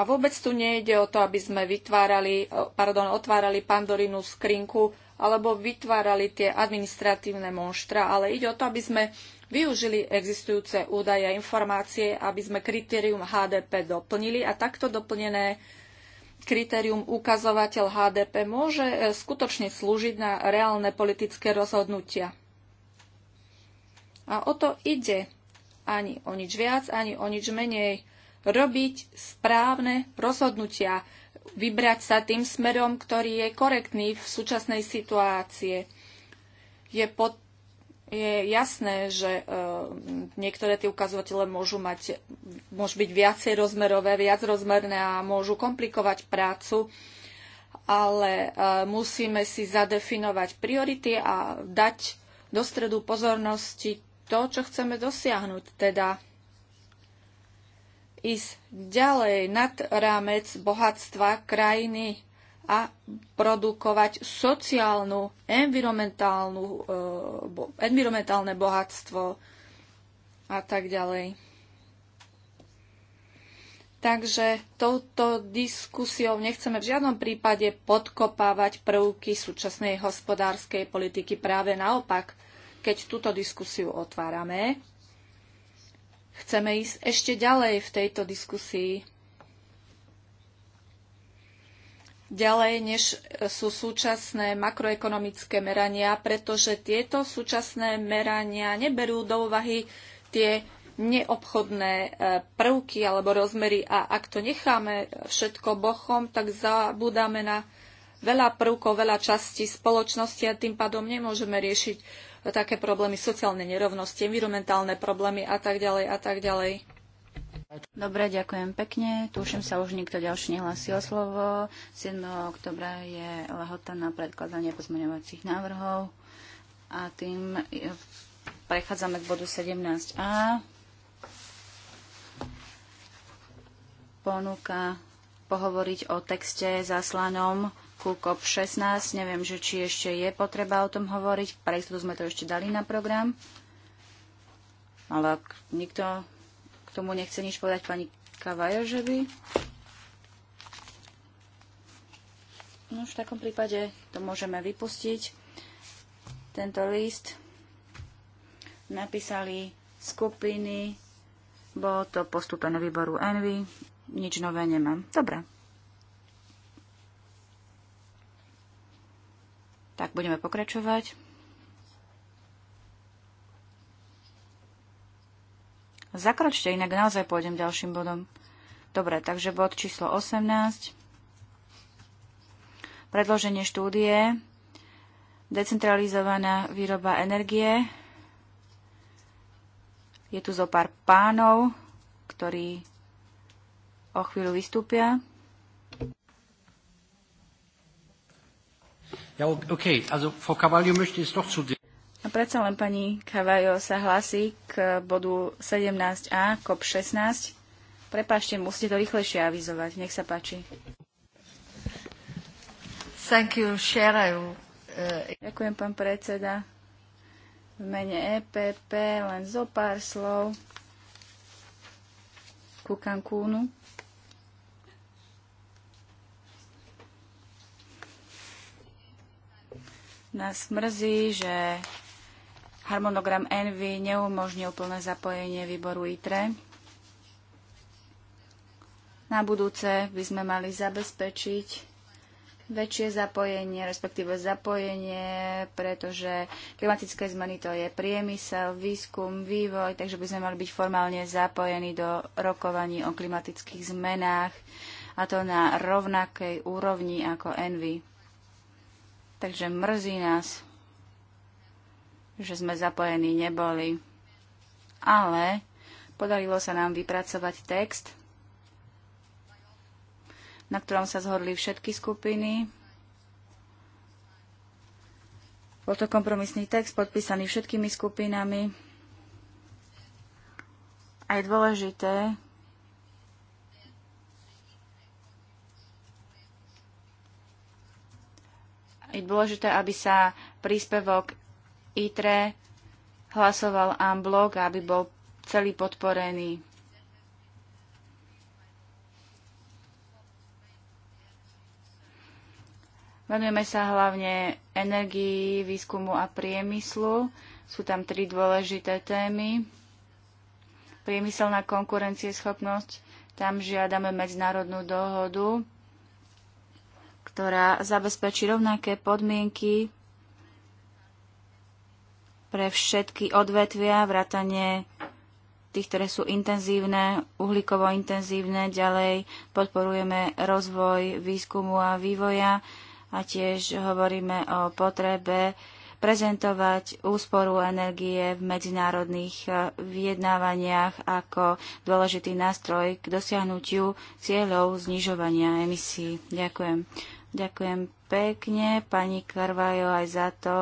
A vôbec tu nejde o to, aby sme vytvárali, pardon, otvárali pandorinu skrinku alebo vytvárali tie administratívne monštra, ale ide o to, aby sme využili existujúce údaje a informácie, aby sme kritérium HDP doplnili a takto doplnené kritérium ukazovateľ HDP môže e, skutočne slúžiť na reálne politické rozhodnutia. A o to ide. Ani o nič viac, ani o nič menej. Robiť správne rozhodnutia. Vybrať sa tým smerom, ktorý je korektný v súčasnej situácie. Je pod je jasné, že e, niektoré tie ukazovatele môžu mať, môžu byť viacej rozmerové, viac rozmerné a môžu komplikovať prácu, ale e, musíme si zadefinovať priority a dať do stredu pozornosti to, čo chceme dosiahnuť, teda ísť ďalej nad rámec bohatstva krajiny a produkovať sociálnu, environmentálnu, eh, environmentálne bohatstvo a tak ďalej. Takže touto diskusiou nechceme v žiadnom prípade podkopávať prvky súčasnej hospodárskej politiky. Práve naopak, keď túto diskusiu otvárame, chceme ísť ešte ďalej v tejto diskusii ďalej, než sú súčasné makroekonomické merania, pretože tieto súčasné merania neberú do úvahy tie neobchodné e, prvky alebo rozmery a ak to necháme všetko bochom, tak zabudáme na veľa prvkov, veľa častí spoločnosti a tým pádom nemôžeme riešiť také problémy sociálne nerovnosti, environmentálne problémy a tak ďalej a tak ďalej. Dobre, ďakujem pekne. Tuším sa už nikto ďalší nehlasí o slovo. 7. oktobra je lehota na predkladanie pozmeňovacích návrhov. A tým prechádzame k bodu 17a. Ponúka pohovoriť o texte zaslanom ku COP16. Neviem, že či ešte je potreba o tom hovoriť. Pre istotu sme to ešte dali na program. Ale ak nikto tomu nechce nič povedať pani Kavajo, že by. No v takom prípade to môžeme vypustiť. Tento list napísali skupiny, bolo to postupené výboru Envy, nič nové nemám. Dobre. Tak budeme pokračovať. Zakročte, inak naozaj pôjdem ďalším bodom. Dobre, takže bod číslo 18. Predloženie štúdie. Decentralizovaná výroba energie. Je tu zo pár pánov, ktorí o chvíľu vystúpia. Ja, okay. Also, Frau Cavallo möchte es doch zu a predsa len pani Kavajo sa hlási k bodu 17a, COP16. Prepášte, musíte to rýchlejšie avizovať. Nech sa páči. Thank you, Sharon. Uh, Ďakujem, pán predseda. V mene EPP len zo pár slov ku Cancúnu. Nás mrzí, že Harmonogram Envy neumožnil plné zapojenie výboru ITRE. Na budúce by sme mali zabezpečiť väčšie zapojenie, respektíve zapojenie, pretože klimatické zmeny to je priemysel, výskum, vývoj, takže by sme mali byť formálne zapojení do rokovaní o klimatických zmenách a to na rovnakej úrovni ako Envy. Takže mrzí nás, že sme zapojení neboli. Ale podarilo sa nám vypracovať text, na ktorom sa zhodli všetky skupiny. Bol to kompromisný text podpísaný všetkými skupinami. A je dôležité, je dôležité, aby sa príspevok ITRE hlasoval Amblok, aby bol celý podporený. Venujeme sa hlavne energii, výskumu a priemyslu. Sú tam tri dôležité témy. Priemyselná konkurencieschopnosť. Tam žiadame medzinárodnú dohodu, ktorá zabezpečí rovnaké podmienky pre všetky odvetvia, vrátanie tých, ktoré sú intenzívne, uhlíkovo intenzívne. Ďalej podporujeme rozvoj výskumu a vývoja a tiež hovoríme o potrebe prezentovať úsporu energie v medzinárodných eh, vyjednávaniach ako dôležitý nástroj k dosiahnutiu cieľov znižovania emisí. Ďakujem. Ďakujem pekne pani Karvajo aj za to,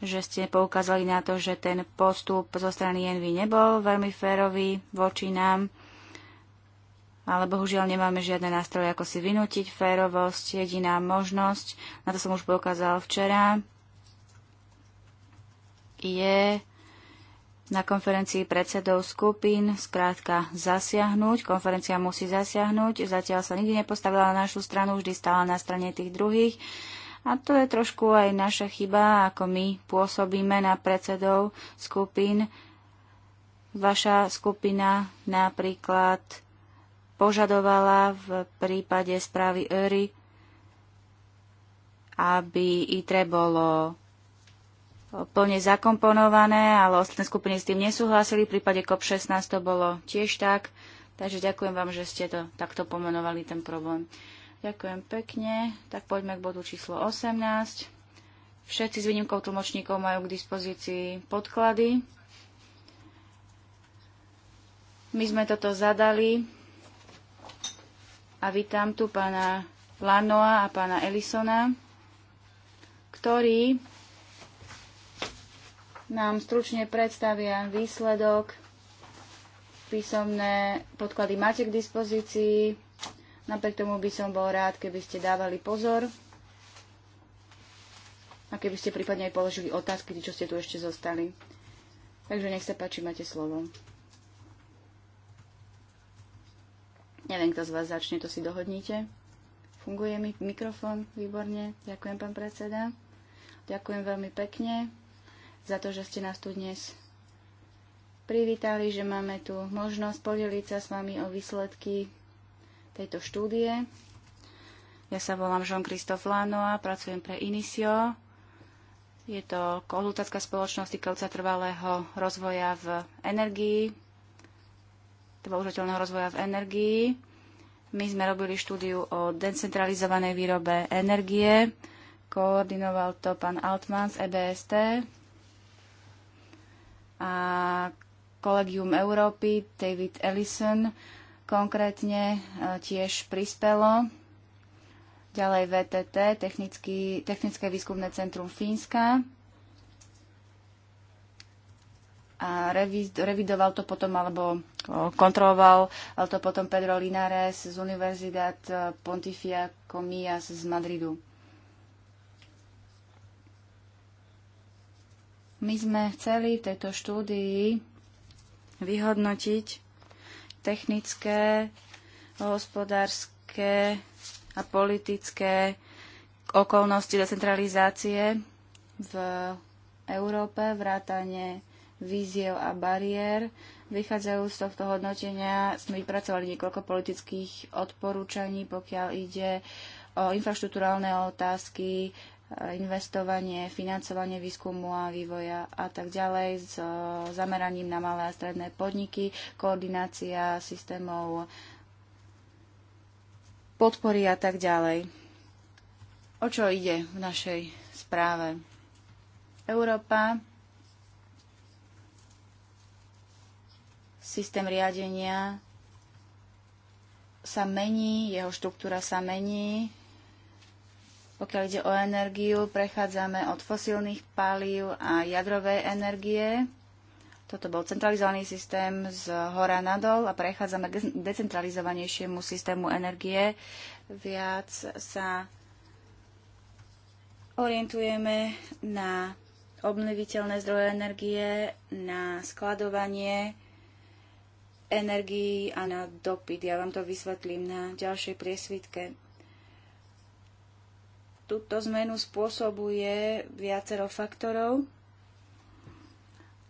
že ste poukázali na to, že ten postup zo strany Envy nebol veľmi férový voči nám, ale bohužiaľ nemáme žiadne nástroje, ako si vynútiť férovosť, jediná možnosť, na to som už poukázal včera, je na konferencii predsedov skupín, skrátka zasiahnuť. Konferencia musí zasiahnuť. Zatiaľ sa nikdy nepostavila na našu stranu, vždy stála na strane tých druhých. A to je trošku aj naša chyba, ako my pôsobíme na predsedov skupín. Vaša skupina napríklad požadovala v prípade správy ERI, aby ITRE bolo plne zakomponované, ale ostatné skupiny s tým nesúhlasili. V prípade COP16 to bolo tiež tak. Takže ďakujem vám, že ste to takto pomenovali, ten problém. Ďakujem pekne. Tak poďme k bodu číslo 18. Všetci s výnimkou tlmočníkov majú k dispozícii podklady. My sme toto zadali a vítam tu pána Lanoa a pána Ellisona, ktorí nám stručne predstavia výsledok. Písomné podklady máte k dispozícii. Napriek tomu by som bol rád, keby ste dávali pozor a keby ste prípadne aj položili otázky, čo ste tu ešte zostali. Takže nech sa páči, máte slovo. Neviem, kto z vás začne, to si dohodnite. Funguje mi mikrofón výborne. Ďakujem, pán predseda. Ďakujem veľmi pekne za to, že ste nás tu dnes privítali, že máme tu možnosť podeliť sa s vami o výsledky tejto štúdie. Ja sa volám Jean-Christophe Lanoa, pracujem pre Inisio. Je to konzultánska spoločnosť týkajúca trvalého rozvoja v energii, teda užiteľného rozvoja v energii. My sme robili štúdiu o decentralizovanej výrobe energie. Koordinoval to pán Altman z EBST a Kolegium Európy David Ellison konkrétne e, tiež prispelo. Ďalej VTT, Technický, Technické výskumné centrum Fínska. A revidoval to potom, alebo kontroloval to potom Pedro Linares z Universidad e, Pontifia Comillas z Madridu. My sme chceli v tejto štúdii vyhodnotiť technické, hospodárske a politické okolnosti decentralizácie v Európe, vrátanie víziev a bariér. Vychádzajú z tohto hodnotenia, sme vypracovali niekoľko politických odporúčaní, pokiaľ ide o infraštruktúrálne otázky, investovanie, financovanie výskumu a vývoja a tak ďalej s e, zameraním na malé a stredné podniky, koordinácia systémov podpory a tak ďalej. O čo ide v našej správe? Európa, systém riadenia sa mení, jeho štruktúra sa mení, pokiaľ ide o energiu, prechádzame od fosílnych palív a jadrovej energie. Toto bol centralizovaný systém z hora nadol a prechádzame k decentralizovanejšiemu systému energie. Viac sa orientujeme na obnoviteľné zdroje energie, na skladovanie energií a na dopyt. Ja vám to vysvetlím na ďalšej priesvitke. Tuto zmenu spôsobuje viacero faktorov.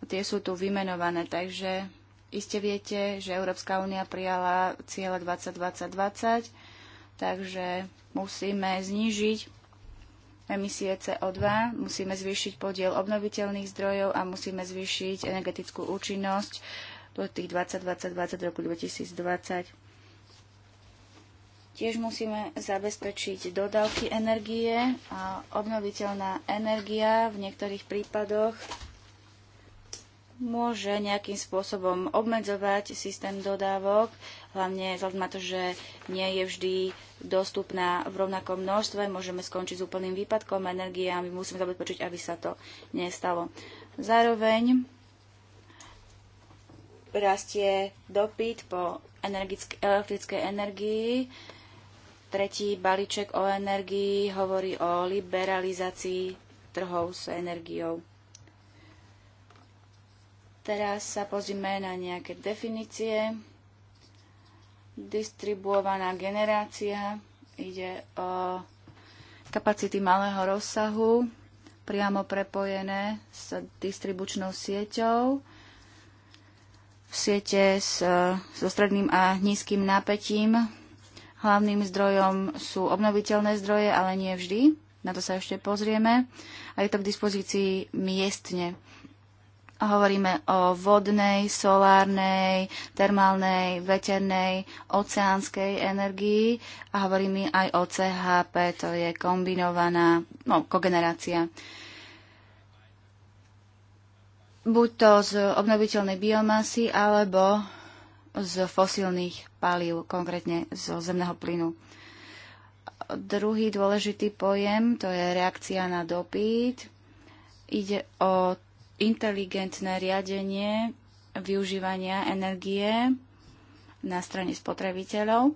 Tie sú tu vymenované, takže iste viete, že Európska únia prijala cieľa 2020, takže musíme znížiť emisie CO2, musíme zvýšiť podiel obnoviteľných zdrojov a musíme zvýšiť energetickú účinnosť do tých 2020 20, roku 2020. Tiež musíme zabezpečiť dodávky energie a obnoviteľná energia v niektorých prípadoch môže nejakým spôsobom obmedzovať systém dodávok, hlavne vzhľadom na to, že nie je vždy dostupná v rovnakom množstve, môžeme skončiť s úplným výpadkom energie a my musíme zabezpečiť, aby sa to nestalo. Zároveň rastie dopyt po elektrickej energii, Tretí balíček o energii hovorí o liberalizácii trhov s energiou. Teraz sa pozrime na nejaké definície. Distribuovaná generácia ide o kapacity malého rozsahu, priamo prepojené s distribučnou sieťou v siete s, so stredným a nízkym napätím Hlavným zdrojom sú obnoviteľné zdroje, ale nie vždy. Na to sa ešte pozrieme. A je to k dispozícii miestne. Hovoríme o vodnej, solárnej, termálnej, veternej, oceánskej energii a hovoríme aj o CHP, to je kombinovaná no, kogenerácia buď to z obnoviteľnej biomasy alebo z fosílnych palív, konkrétne zo zemného plynu. Druhý dôležitý pojem to je reakcia na dopyt. Ide o inteligentné riadenie využívania energie na strane spotrebiteľov.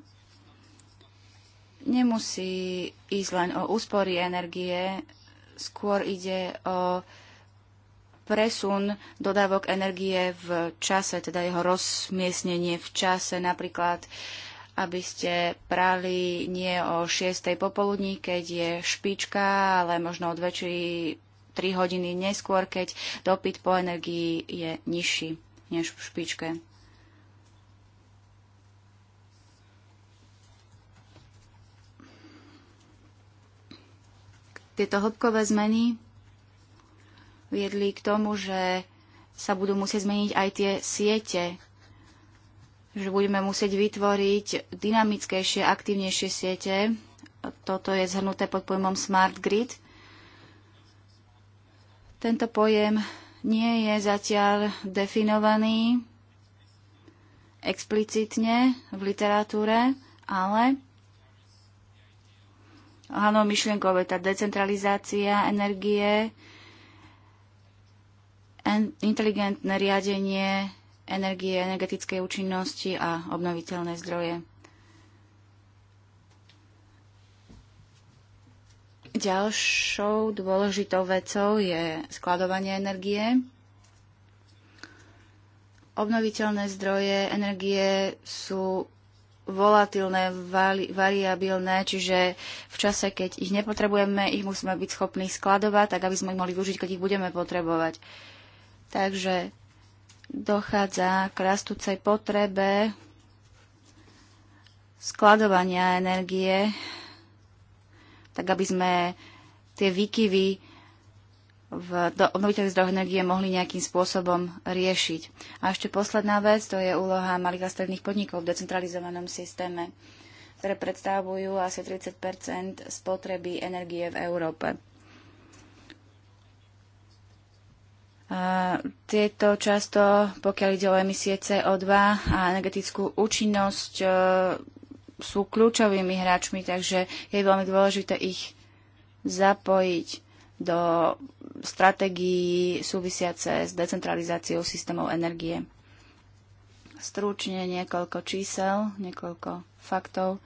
Nemusí ísť len o úspory energie, skôr ide o presun dodávok energie v čase, teda jeho rozmiestnenie v čase, napríklad aby ste prali nie o 6. popoludní, keď je špička, ale možno od 2 3 hodiny neskôr, keď dopyt po energii je nižší než v špičke. Tieto hĺbkové zmeny viedli k tomu, že sa budú musieť zmeniť aj tie siete, že budeme musieť vytvoriť dynamickejšie, aktívnejšie siete. Toto je zhrnuté pod pojmom Smart Grid. Tento pojem nie je zatiaľ definovaný explicitne v literatúre, ale hlavnou myšlienkou je tá decentralizácia energie, inteligentné riadenie energie, energetickej účinnosti a obnoviteľné zdroje. Ďalšou dôležitou vecou je skladovanie energie. Obnoviteľné zdroje energie sú volatilné, vari, variabilné, čiže v čase, keď ich nepotrebujeme, ich musíme byť schopní skladovať, tak aby sme ich mohli využiť, keď ich budeme potrebovať. Uh, Takže dochádza k rastúcej potrebe skladovania energie, tak aby sme tie výkyvy v obnoviteľných zdrojoch energie mohli nejakým spôsobom riešiť. A ešte posledná vec, to je úloha malých a stredných podnikov v decentralizovanom systéme, ktoré predstavujú asi 30 spotreby energie v Európe. tieto často, pokiaľ ide o emisie CO2 a energetickú účinnosť, e, sú kľúčovými hráčmi, takže je veľmi dôležité ich zapojiť do stratégií súvisiace s decentralizáciou systémov energie. Stručne niekoľko čísel, niekoľko faktov.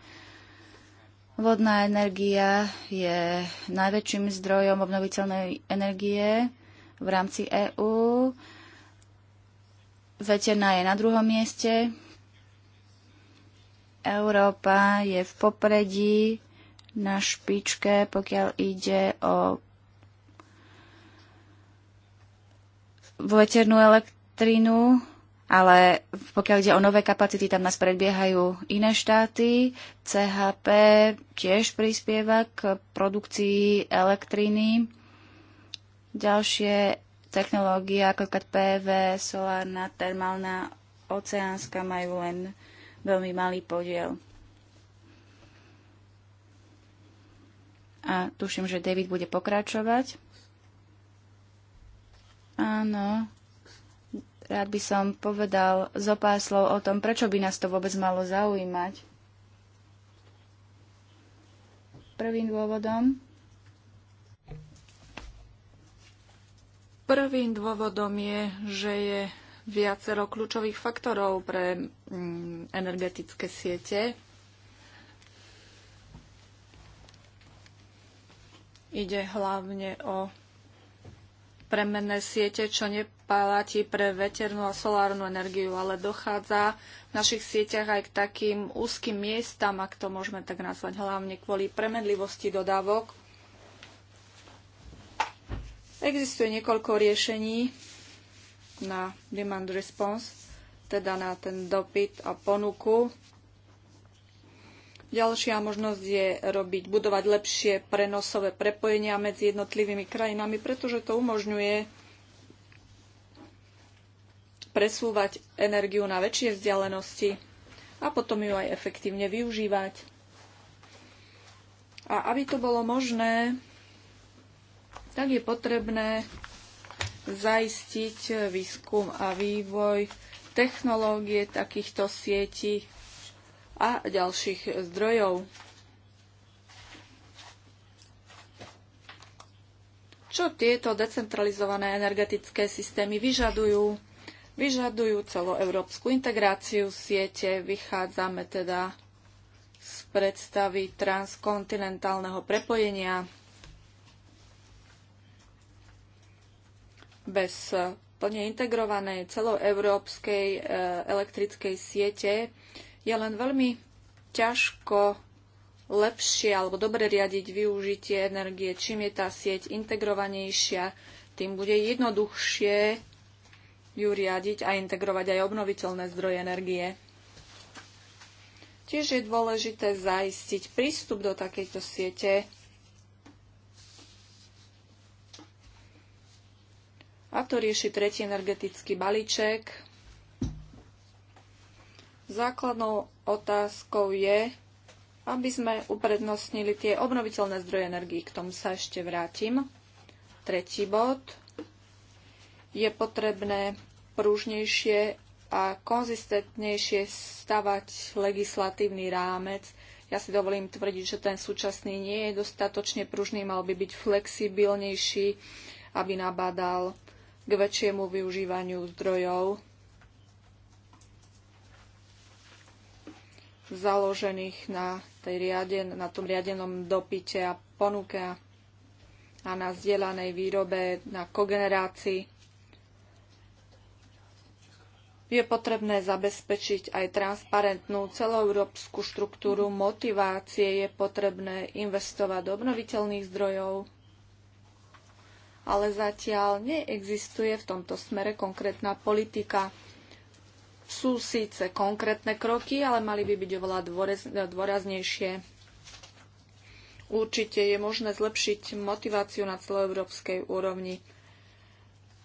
Vodná energia je najväčším zdrojom obnoviteľnej energie v rámci EÚ. Veterná je na druhom mieste. Európa je v popredí na špičke, pokiaľ ide o veternú elektrínu, ale pokiaľ ide o nové kapacity, tam nás predbiehajú iné štáty. CHP tiež prispieva k produkcii elektriny Ďalšie technológie ako PV, solárna, termálna, oceánska majú len veľmi malý podiel. A tuším, že David bude pokračovať. Áno. Rád by som povedal zo pár slov o tom, prečo by nás to vôbec malo zaujímať. Prvým dôvodom Prvým dôvodom je, že je viacero kľúčových faktorov pre mm, energetické siete. Ide hlavne o premenné siete, čo neplatí pre veternú a solárnu energiu, ale dochádza v našich sieťach aj k takým úzkým miestam, ak to môžeme tak nazvať, hlavne kvôli premenlivosti dodávok Existuje niekoľko riešení na demand response, teda na ten dopyt a ponuku. Ďalšia možnosť je robiť, budovať lepšie prenosové prepojenia medzi jednotlivými krajinami, pretože to umožňuje presúvať energiu na väčšie vzdialenosti a potom ju aj efektívne využívať. A aby to bolo možné, tak je potrebné zaistiť výskum a vývoj technológie takýchto sietí a ďalších zdrojov. Čo tieto decentralizované energetické systémy vyžadujú? Vyžadujú celoeurópsku integráciu siete. Vychádzame teda z predstavy transkontinentálneho prepojenia bez eh, plne integrovanej celoeurópskej eh, elektrickej siete je len veľmi ťažko lepšie alebo dobre riadiť využitie energie. Čím je tá sieť integrovanejšia, tým bude jednoduchšie ju riadiť a integrovať aj obnoviteľné zdroje energie. Tiež je dôležité zaistiť prístup do takejto siete A to rieši tretí energetický balíček. Základnou otázkou je, aby sme uprednostnili tie obnoviteľné zdroje energii. K tomu sa ešte vrátim. Tretí bod. Je potrebné prúžnejšie a konzistentnejšie stavať legislatívny rámec. Ja si dovolím tvrdiť, že ten súčasný nie je dostatočne pružný, mal by byť flexibilnejší, aby nabádal k väčšiemu využívaniu zdrojov založených na, tej riaden, na tom riadenom dopite a ponuke a na zdieľanej výrobe, na kogenerácii je potrebné zabezpečiť aj transparentnú celoeurópsku štruktúru motivácie, je potrebné investovať do obnoviteľných zdrojov, ale zatiaľ neexistuje v tomto smere konkrétna politika. Sú síce konkrétne kroky, ale mali by byť oveľa dôraznejšie. Určite je možné zlepšiť motiváciu na celoeurópskej úrovni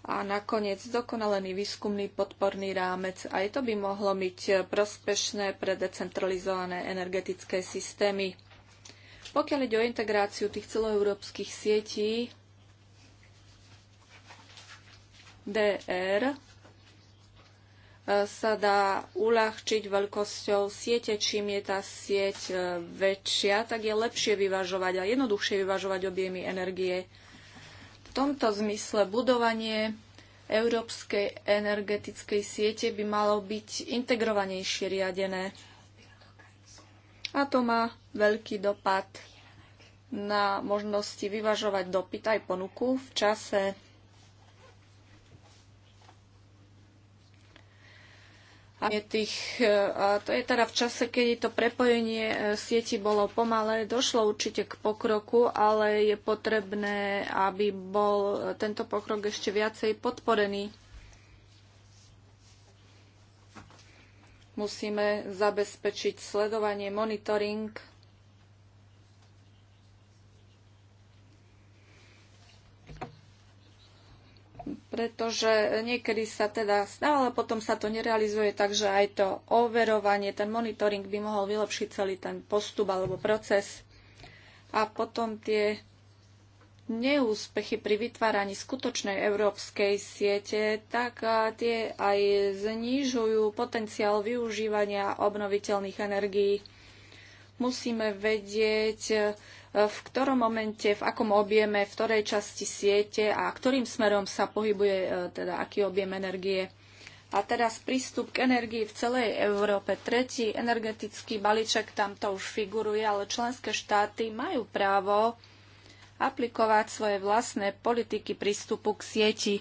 a nakoniec dokonalený výskumný podporný rámec. Aj to by mohlo byť prospešné pre decentralizované energetické systémy. Pokiaľ ide o integráciu tých celoeurópskych sietí, DR e, sa dá uľahčiť veľkosťou siete. Čím je tá sieť e, väčšia, tak je lepšie vyvažovať a jednoduchšie vyvažovať objemy energie. V tomto zmysle budovanie európskej energetickej siete by malo byť integrovanejšie riadené. A to má veľký dopad na možnosti vyvažovať dopyt aj ponuku v čase A, tých, e, a to je teda v čase, keď to prepojenie e, sieti bolo pomalé, došlo určite k pokroku, ale je potrebné, aby bol e, tento pokrok ešte viacej podporený. Musíme zabezpečiť sledovanie, monitoring pretože niekedy sa teda stále potom sa to nerealizuje, takže aj to overovanie, ten monitoring by mohol vylepšiť celý ten postup alebo proces. A potom tie neúspechy pri vytváraní skutočnej európskej siete, tak tie aj znižujú potenciál využívania obnoviteľných energií. Musíme vedieť, v ktorom momente, v akom objeme, v ktorej časti siete a ktorým smerom sa pohybuje, e, teda aký objem energie. A teraz prístup k energii v celej Európe. Tretí energetický balíček tam to už figuruje, ale členské štáty majú právo aplikovať svoje vlastné politiky prístupu k sieti.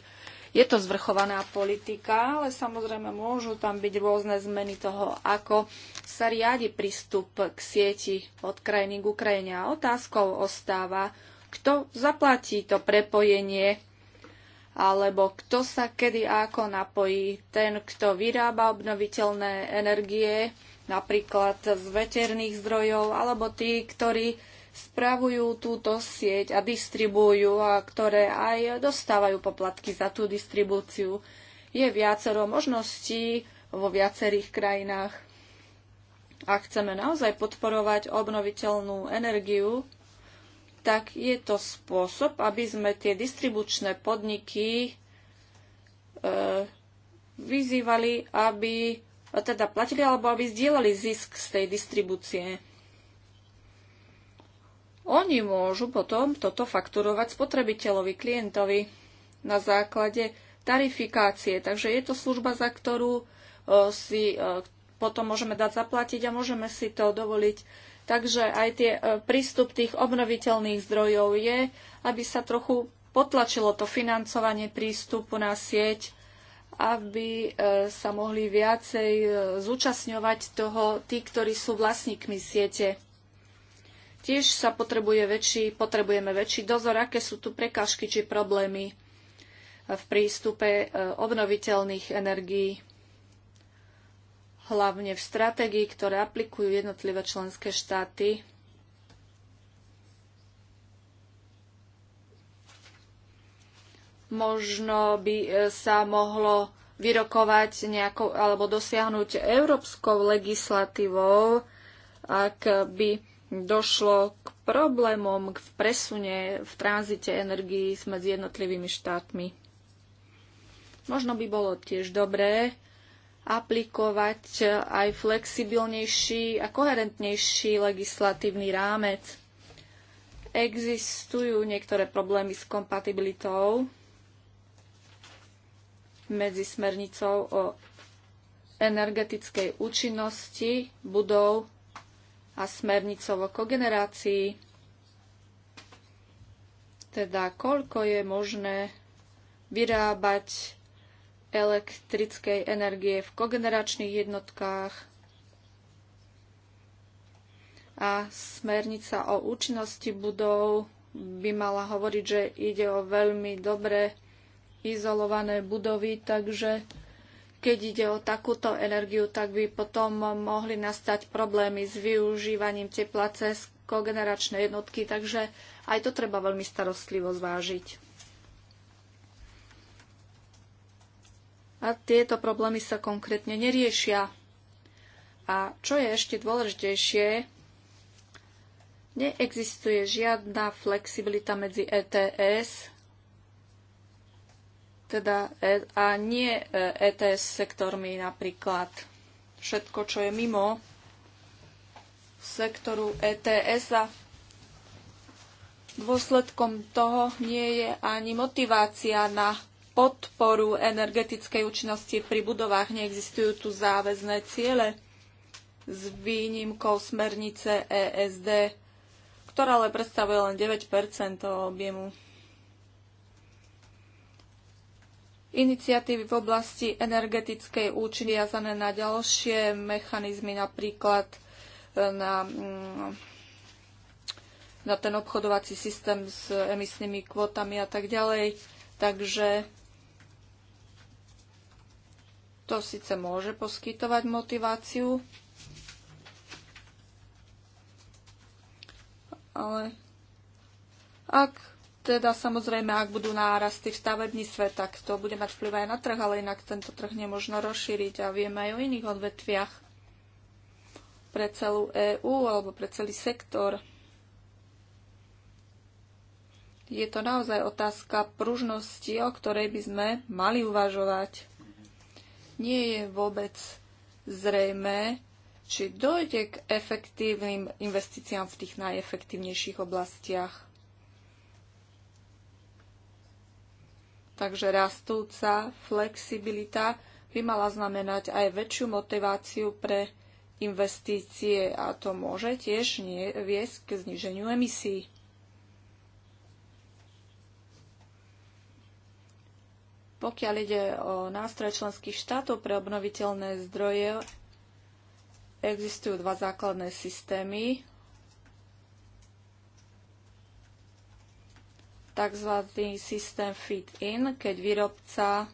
Je to zvrchovaná politika, ale samozrejme môžu tam byť rôzne zmeny toho, ako sa riadi prístup k sieti od krajiny k Ukrajine. A otázkou ostáva, kto zaplatí to prepojenie alebo kto sa kedy a ako napojí. Ten, kto vyrába obnoviteľné energie, napríklad z veterných zdrojov, alebo tí, ktorí spravujú túto sieť a distribujú, a ktoré aj dostávajú poplatky za tú distribúciu. Je viacero možností vo viacerých krajinách. Ak chceme naozaj podporovať obnoviteľnú energiu, tak je to spôsob, aby sme tie distribučné podniky e, vyzývali, aby teda platili alebo aby zdieľali zisk z tej distribúcie. Oni môžu potom toto fakturovať spotrebiteľovi, klientovi na základe tarifikácie. Takže je to služba, za ktorú e, si e, potom môžeme dať zaplatiť a môžeme si to dovoliť. Takže aj tie e, prístup tých obnoviteľných zdrojov je, aby sa trochu potlačilo to financovanie prístupu na sieť, aby sa mohli viacej zúčastňovať toho tí, ktorí sú vlastníkmi siete. Tiež sa potrebuje väčší, potrebujeme väčší dozor, aké sú tu prekážky či problémy e, v prístupe e, obnoviteľných energií, hlavne v stratégii, ktoré aplikujú jednotlivé členské štáty. Možno by e, sa mohlo vyrokovať nejakou, alebo dosiahnuť európskou legislatívou, ak by došlo k problémom, k presune v tranzite energií medzi jednotlivými štátmi. Možno by bolo tiež dobré aplikovať aj flexibilnejší a koherentnejší legislatívny rámec. Existujú niektoré problémy s kompatibilitou medzi smernicou o energetickej účinnosti budov a smernicou o kogenerácii, teda koľko je možné vyrábať elektrickej energie v kogeneračných jednotkách a smernica o účinnosti budov by mala hovoriť, že ide o veľmi dobre izolované budovy, takže keď ide o takúto energiu, tak by potom mohli nastať problémy s využívaním tepla cez kogeneračné jednotky, takže aj to treba veľmi starostlivo zvážiť. A tieto problémy sa konkrétne neriešia. A čo je ešte dôležitejšie, neexistuje žiadna flexibilita medzi ETS teda e, a nie ETS e sektormi napríklad. Všetko, čo je mimo sektoru ETS a dôsledkom toho nie je ani motivácia na podporu energetickej účinnosti pri budovách. Neexistujú tu záväzné ciele s výnimkou smernice ESD, ktorá ale predstavuje len 9 objemu iniciatívy v oblasti energetickej účinky jazané na ďalšie mechanizmy, napríklad e, na, mm, na ten obchodovací systém s emisnými kvotami a tak ďalej. Takže to síce môže poskytovať motiváciu, ale ak teda samozrejme, ak budú nárasty v svet, tak to bude mať vplyv aj na trh, ale inak tento trh nemôžno rozšíriť a vieme aj o iných odvetviach pre celú EÚ alebo pre celý sektor. Je to naozaj otázka pružnosti, o ktorej by sme mali uvažovať. Nie je vôbec zrejme, či dojde k efektívnym investíciám v tých najefektívnejších oblastiach. Takže rastúca flexibilita by mala znamenať aj väčšiu motiváciu pre investície a to môže tiež nie, viesť k zniženiu emisí. Pokiaľ ide o nástroj členských štátov pre obnoviteľné zdroje, existujú dva základné systémy. tzv. systém fit-in, keď výrobca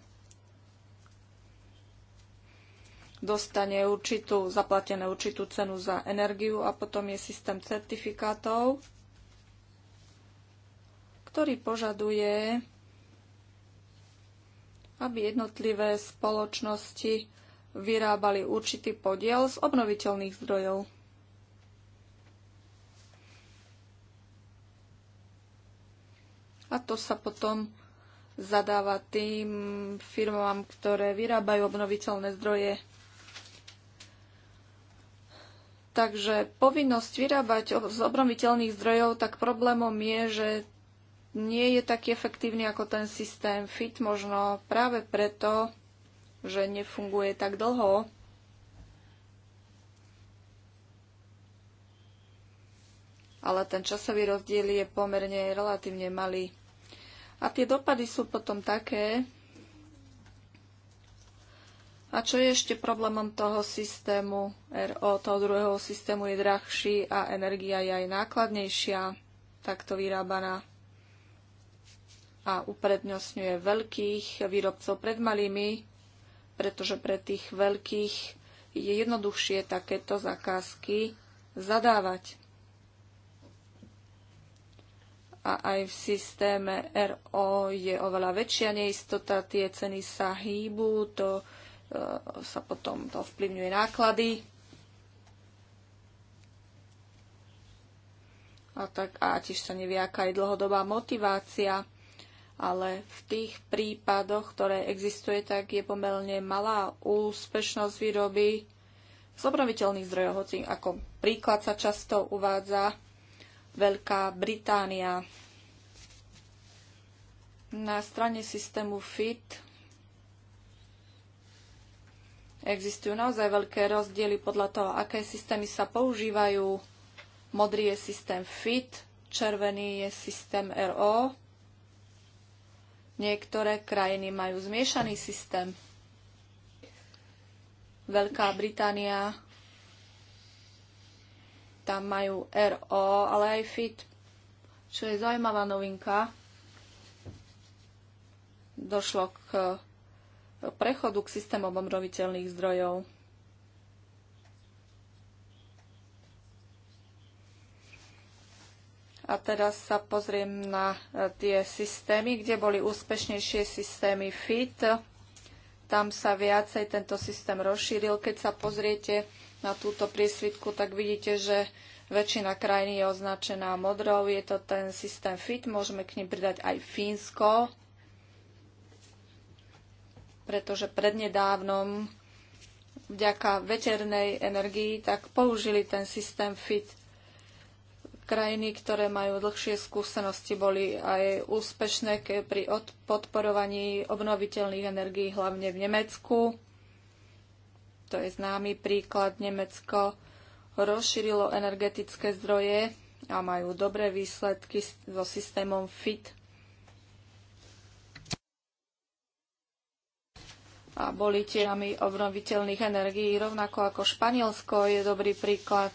dostane určitú, zaplatené určitú cenu za energiu a potom je systém certifikátov, ktorý požaduje, aby jednotlivé spoločnosti vyrábali určitý podiel z obnoviteľných zdrojov. a to sa potom zadáva tým firmám, ktoré vyrábajú obnoviteľné zdroje. Takže povinnosť vyrábať z obnoviteľných zdrojov, tak problémom je, že nie je taký efektívny ako ten systém FIT, možno práve preto, že nefunguje tak dlho. ale ten časový rozdiel je pomerne relatívne malý. A tie dopady sú potom také, a čo je ešte problémom toho systému RO, toho druhého systému je drahší a energia je aj nákladnejšia, takto vyrábaná a uprednostňuje veľkých výrobcov pred malými, pretože pre tých veľkých je jednoduchšie takéto zakázky zadávať a aj v systéme RO je oveľa väčšia neistota, tie ceny sa hýbu, to e, sa potom to vplyvňuje náklady. A, tak, a tiež sa nevie, aká je dlhodobá motivácia, ale v tých prípadoch, ktoré existuje, tak je pomerne malá úspešnosť výroby z obnoviteľných zdrojov, hoci ako príklad sa často uvádza, Veľká Británia. Na strane systému FIT existujú naozaj veľké rozdiely podľa toho, aké systémy sa používajú. Modrý je systém FIT, červený je systém RO. Niektoré krajiny majú zmiešaný systém. Veľká Británia tam majú RO, ale aj FIT, čo je zaujímavá novinka. Došlo k prechodu k systémom obnoviteľných zdrojov. A teraz sa pozriem na e, tie systémy, kde boli úspešnejšie systémy FIT. Tam sa viacej tento systém rozšíril. Keď sa pozriete na túto prísvitku, tak vidíte, že väčšina krajín je označená modrou. Je to ten systém FIT, môžeme k nim pridať aj Fínsko, pretože prednedávnom vďaka veternej energii tak použili ten systém FIT. Krajiny, ktoré majú dlhšie skúsenosti, boli aj úspešné pri podporovaní obnoviteľných energií, hlavne v Nemecku to je známy príklad. Nemecko rozšírilo energetické zdroje a majú dobré výsledky so systémom FIT. A boli tierami obnoviteľných energií, rovnako ako Španielsko je dobrý príklad.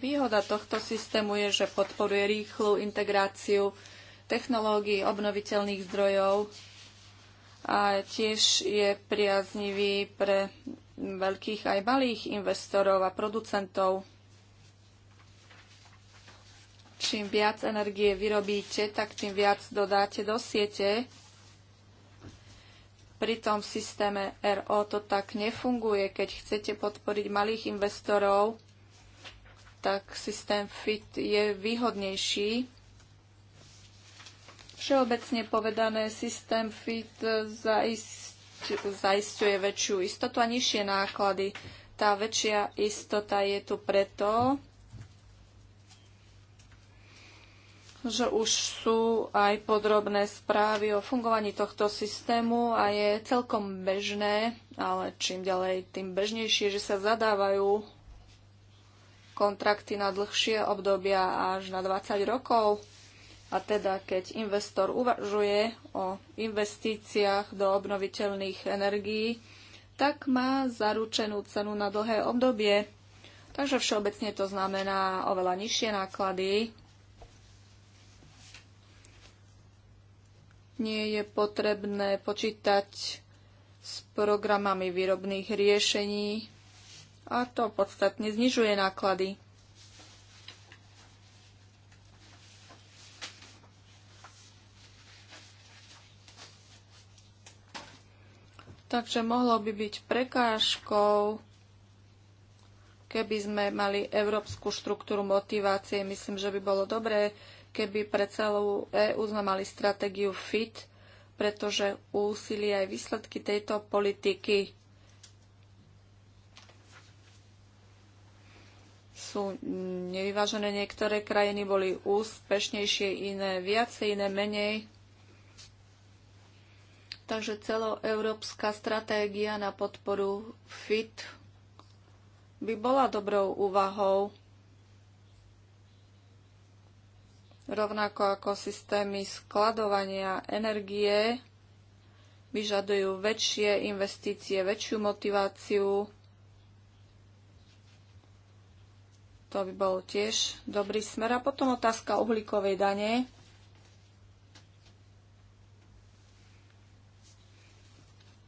Výhoda tohto systému je, že podporuje rýchlu integráciu technológií obnoviteľných zdrojov a tiež je priaznivý pre veľkých aj malých investorov a producentov. Čím viac energie vyrobíte, tak tým viac dodáte do siete. Pri tom systéme RO to tak nefunguje. Keď chcete podporiť malých investorov, tak systém FIT je výhodnejší Všeobecne povedané, systém FIT zaisťuje väčšiu istotu a nižšie náklady. Tá väčšia istota je tu preto, že už sú aj podrobné správy o fungovaní tohto systému a je celkom bežné, ale čím ďalej, tým bežnejšie, že sa zadávajú kontrakty na dlhšie obdobia až na 20 rokov a teda, keď investor uvažuje o investíciách do obnoviteľných energií, tak má zaručenú cenu na dlhé obdobie. Takže všeobecne to znamená oveľa nižšie náklady. Nie je potrebné počítať s programami výrobných riešení a to podstatne znižuje náklady. Takže mohlo by byť prekážkou, keby sme mali európsku štruktúru motivácie. Myslím, že by bolo dobré, keby pre celú EÚ sme mali stratégiu FIT, pretože úsilie aj výsledky tejto politiky sú nevyvážené. Niektoré krajiny boli úspešnejšie, iné viacej, iné menej. Takže celoeurópska stratégia na podporu FIT by bola dobrou úvahou, rovnako ako systémy skladovania energie vyžadujú väčšie investície, väčšiu motiváciu. To by bol tiež dobrý smer. A potom otázka uhlíkovej dane.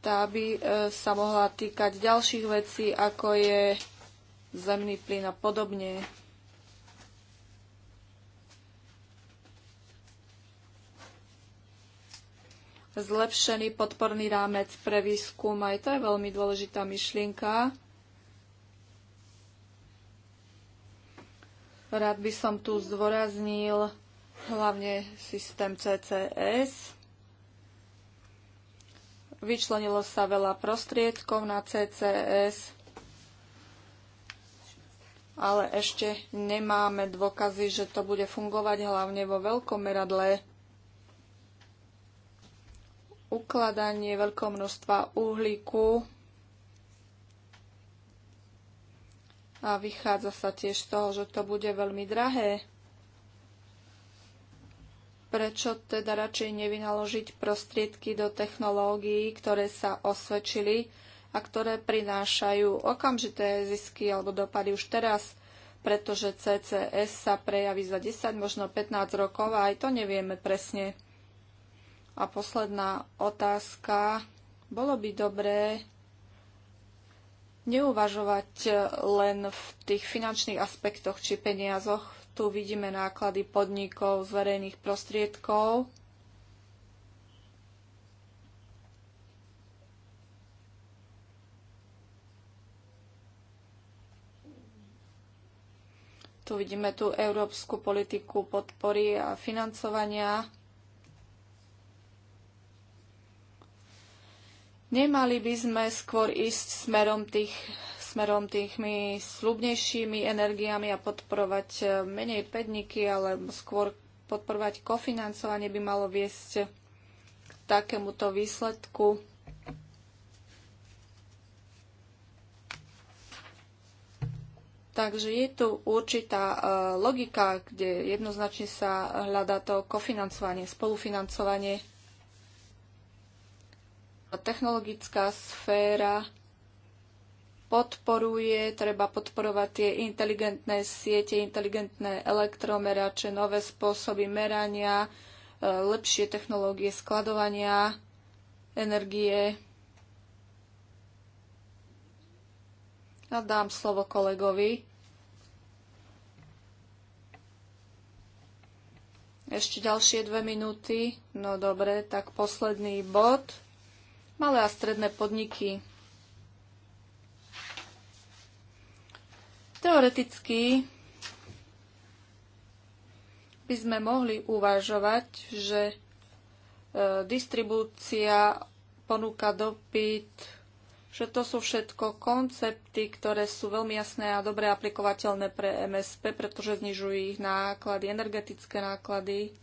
tá by e, sa mohla týkať ďalších vecí, ako je zemný plyn a podobne. Zlepšený podporný rámec pre výskum, aj to je veľmi dôležitá myšlienka. Rád by som tu zdôraznil hlavne systém CCS Vyčlenilo sa veľa prostriedkov na CCS, ale ešte nemáme dôkazy, že to bude fungovať hlavne vo veľkom meradle. Ukladanie veľkého množstva uhlíku a vychádza sa tiež z toho, že to bude veľmi drahé prečo teda radšej nevynaložiť prostriedky do technológií, ktoré sa osvedčili a ktoré prinášajú okamžité zisky alebo dopady už teraz, pretože CCS sa prejaví za 10, možno 15 rokov a aj to nevieme presne. A posledná otázka. Bolo by dobré neuvažovať len v tých finančných aspektoch či peniazoch tu vidíme náklady podnikov z verejných prostriedkov. Tu vidíme tú európsku politiku podpory a financovania. Nemali by sme skôr ísť smerom tých smerom tými slubnejšími energiami a podporovať e, menej pedniky, ale skôr podporovať kofinancovanie by malo viesť k takémuto výsledku. Takže je tu určitá e, logika, kde jednoznačne sa hľadá to kofinancovanie, spolufinancovanie. Technologická sféra podporuje, treba podporovať tie inteligentné siete, inteligentné elektromerače, nové spôsoby merania, e, lepšie technológie skladovania energie. A dám slovo kolegovi. Ešte ďalšie dve minúty. No dobre, tak posledný bod. Malé a stredné podniky. Teoreticky by sme mohli uvažovať, že e, distribúcia, ponúka dopyt, že to sú všetko koncepty, ktoré sú veľmi jasné a dobre aplikovateľné pre MSP, pretože znižujú ich náklady, energetické náklady,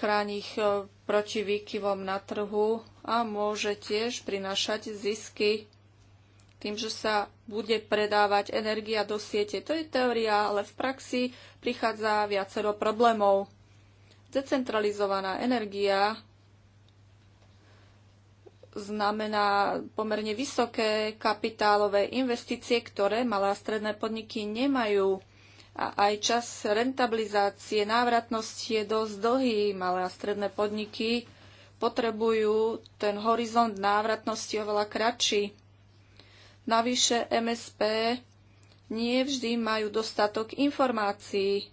chráni ich e, proti výkyvom na trhu a môže tiež prinášať zisky tým, že sa bude predávať energia do siete. To je teória, ale v praxi prichádza viacero problémov. Decentralizovaná energia znamená pomerne vysoké kapitálové investície, ktoré malé a stredné podniky nemajú. A aj čas rentabilizácie návratnosti je dosť dlhý. Malé a stredné podniky potrebujú ten horizont návratnosti oveľa kratší. Navyše MSP nie vždy majú dostatok informácií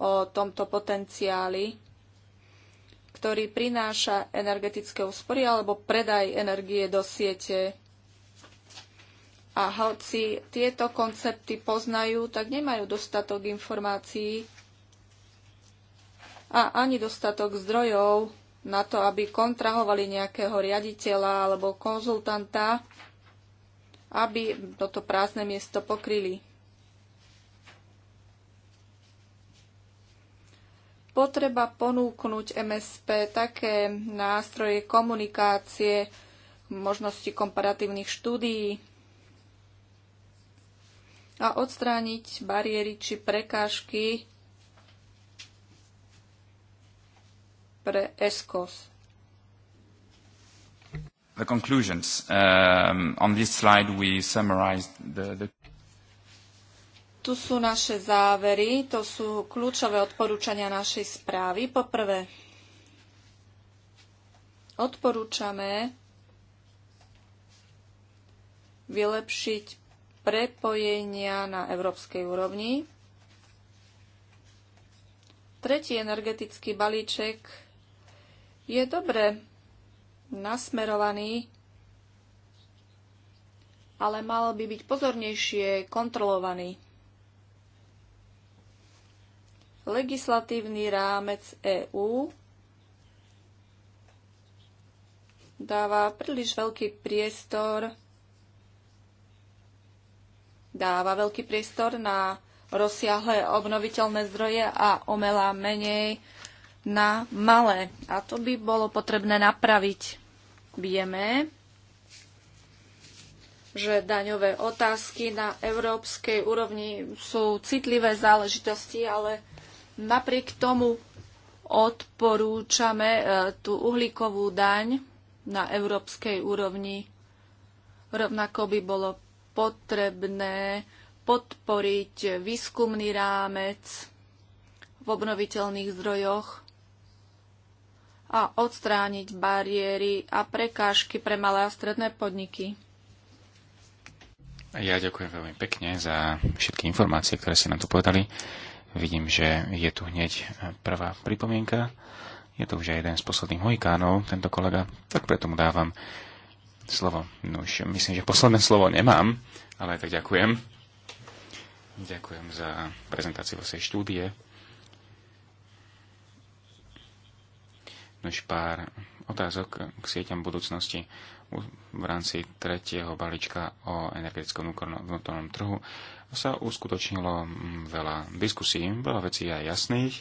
o tomto potenciáli, ktorý prináša energetické úspory alebo predaj energie do siete. A hoci tieto koncepty poznajú, tak nemajú dostatok informácií a ani dostatok zdrojov na to, aby kontrahovali nejakého riaditeľa alebo konzultanta, aby toto prázdne miesto pokryli. Potreba ponúknuť MSP také nástroje komunikácie, možnosti komparatívnych štúdií a odstrániť bariéry či prekážky pre ESCOS. The conclusions. Um, on this slide we summarized the, the... Tu sú naše závery, to sú kľúčové odporúčania našej správy. Poprvé, odporúčame vylepšiť prepojenia na európskej úrovni. Tretí energetický balíček je dobre nasmerovaný, ale mal by byť pozornejšie kontrolovaný. Legislatívny rámec EÚ dáva príliš veľký priestor dáva veľký priestor na rozsiahle obnoviteľné zdroje a omela menej na malé. A to by bolo potrebné napraviť. Vieme, že daňové otázky na európskej úrovni sú citlivé záležitosti, ale napriek tomu odporúčame e, tú uhlíkovú daň na európskej úrovni. Rovnako by bolo potrebné podporiť výskumný rámec v obnoviteľných zdrojoch a odstrániť bariéry a prekážky pre malé a stredné podniky. Ja ďakujem veľmi pekne za všetky informácie, ktoré ste nám tu povedali. Vidím, že je tu hneď prvá pripomienka. Je to už aj jeden z posledných mojikánov, tento kolega, tak preto mu dávam slovo. No už myslím, že posledné slovo nemám, ale aj tak ďakujem. Ďakujem za prezentáciu vašej štúdie. než pár otázok k sieťam budúcnosti v rámci tretieho balíčka o energetickom vnútornom trhu sa uskutočnilo mm, veľa diskusí, veľa vecí aj jasných.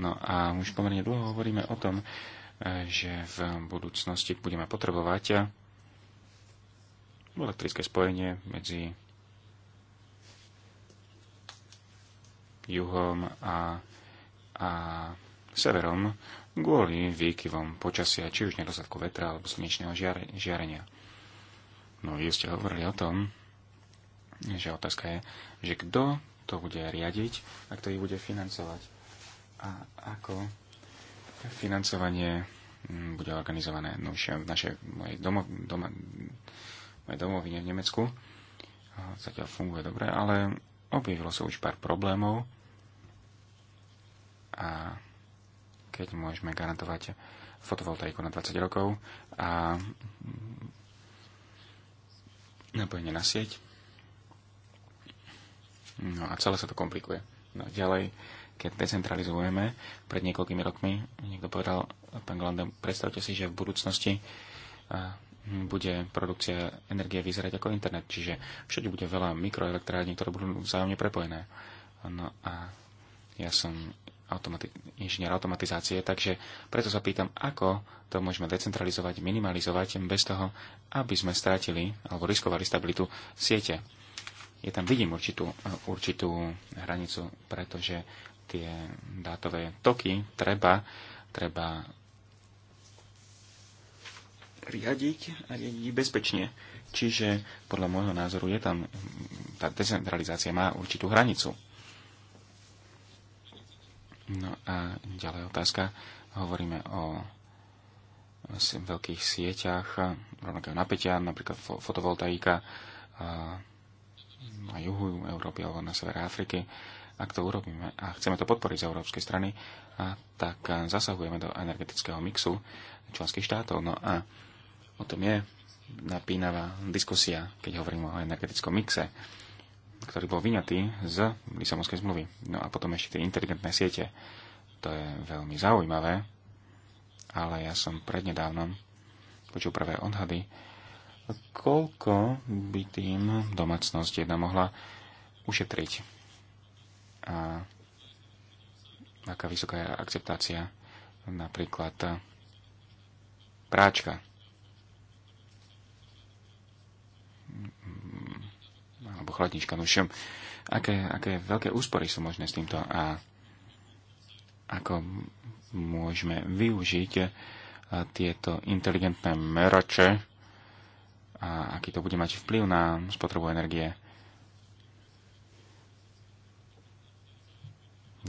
No a už pomerne dlho hovoríme o tom, e, že v budúcnosti budeme potrebovať elektrické spojenie medzi juhom a, a severom kvôli výkyvom počasia, či už nedostatku vetra alebo slnečného žiarenia. No vy ste hovorili o tom, že otázka je, že kto to bude riadiť a kto ich bude financovať. A ako financovanie mm, bude organizované no už v našej mojej, doma, mojej domovine v Nemecku. Zatiaľ funguje dobre, ale objavilo sa so už pár problémov a keď môžeme garantovať fotovoltaiku na 20 rokov a napojenie na sieť. No a celé sa to komplikuje. No ďalej, keď decentralizujeme, pred niekoľkými rokmi niekto povedal, pán Glandem, predstavte si, že v budúcnosti bude produkcia energie vyzerať ako internet, čiže všade bude veľa mikroelektrární, ktoré budú vzájomne prepojené. No a ja som automati- inžinier automatizácie, takže preto sa pýtam, ako to môžeme decentralizovať, minimalizovať bez toho, aby sme strátili alebo riskovali stabilitu siete. Je tam vidím určitú, určitú hranicu, pretože tie dátové toky treba, treba riadiť a riadiť bezpečne. Čiže podľa môjho názoru je tam, tá decentralizácia má určitú hranicu. No a ďalej otázka. Hovoríme o veľkých sieťach rovnakého napätia, napríklad fotovoltaika na juhu Európy alebo na severe Afriky. Ak to urobíme a chceme to podporiť z európskej strany, a tak zasahujeme do energetického mixu členských štátov. No a o tom je napínavá diskusia, keď hovoríme o energetickom mixe ktorý bol vyňatý z Lisabonskej zmluvy. No a potom ešte tie inteligentné siete. To je veľmi zaujímavé, ale ja som prednedávnom počul prvé odhady, koľko by tým domácnosť jedna mohla ušetriť a aká vysoká je akceptácia napríklad práčka alebo chladnička. No všem, aké, aké veľké úspory sú možné s týmto a ako môžeme využiť e, tieto inteligentné merače a aký to bude mať vplyv na spotrebu energie.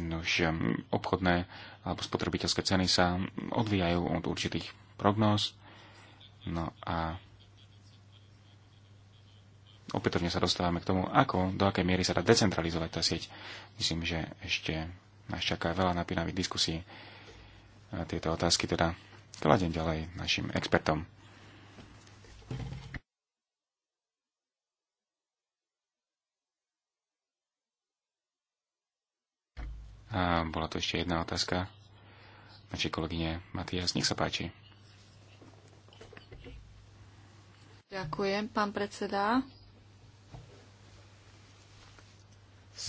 Nož obchodné alebo spotrebiteľské ceny sa odvíjajú od určitých prognóz. No a opätovne sa dostávame k tomu, ako, do akej miery sa dá decentralizovať tá sieť. Myslím, že ešte nás čaká veľa napínavých diskusí. A tieto otázky teda kladem ďalej našim expertom. A bola tu ešte jedna otázka našej kolegyne Matias. Nech sa páči. Ďakujem, pán predseda.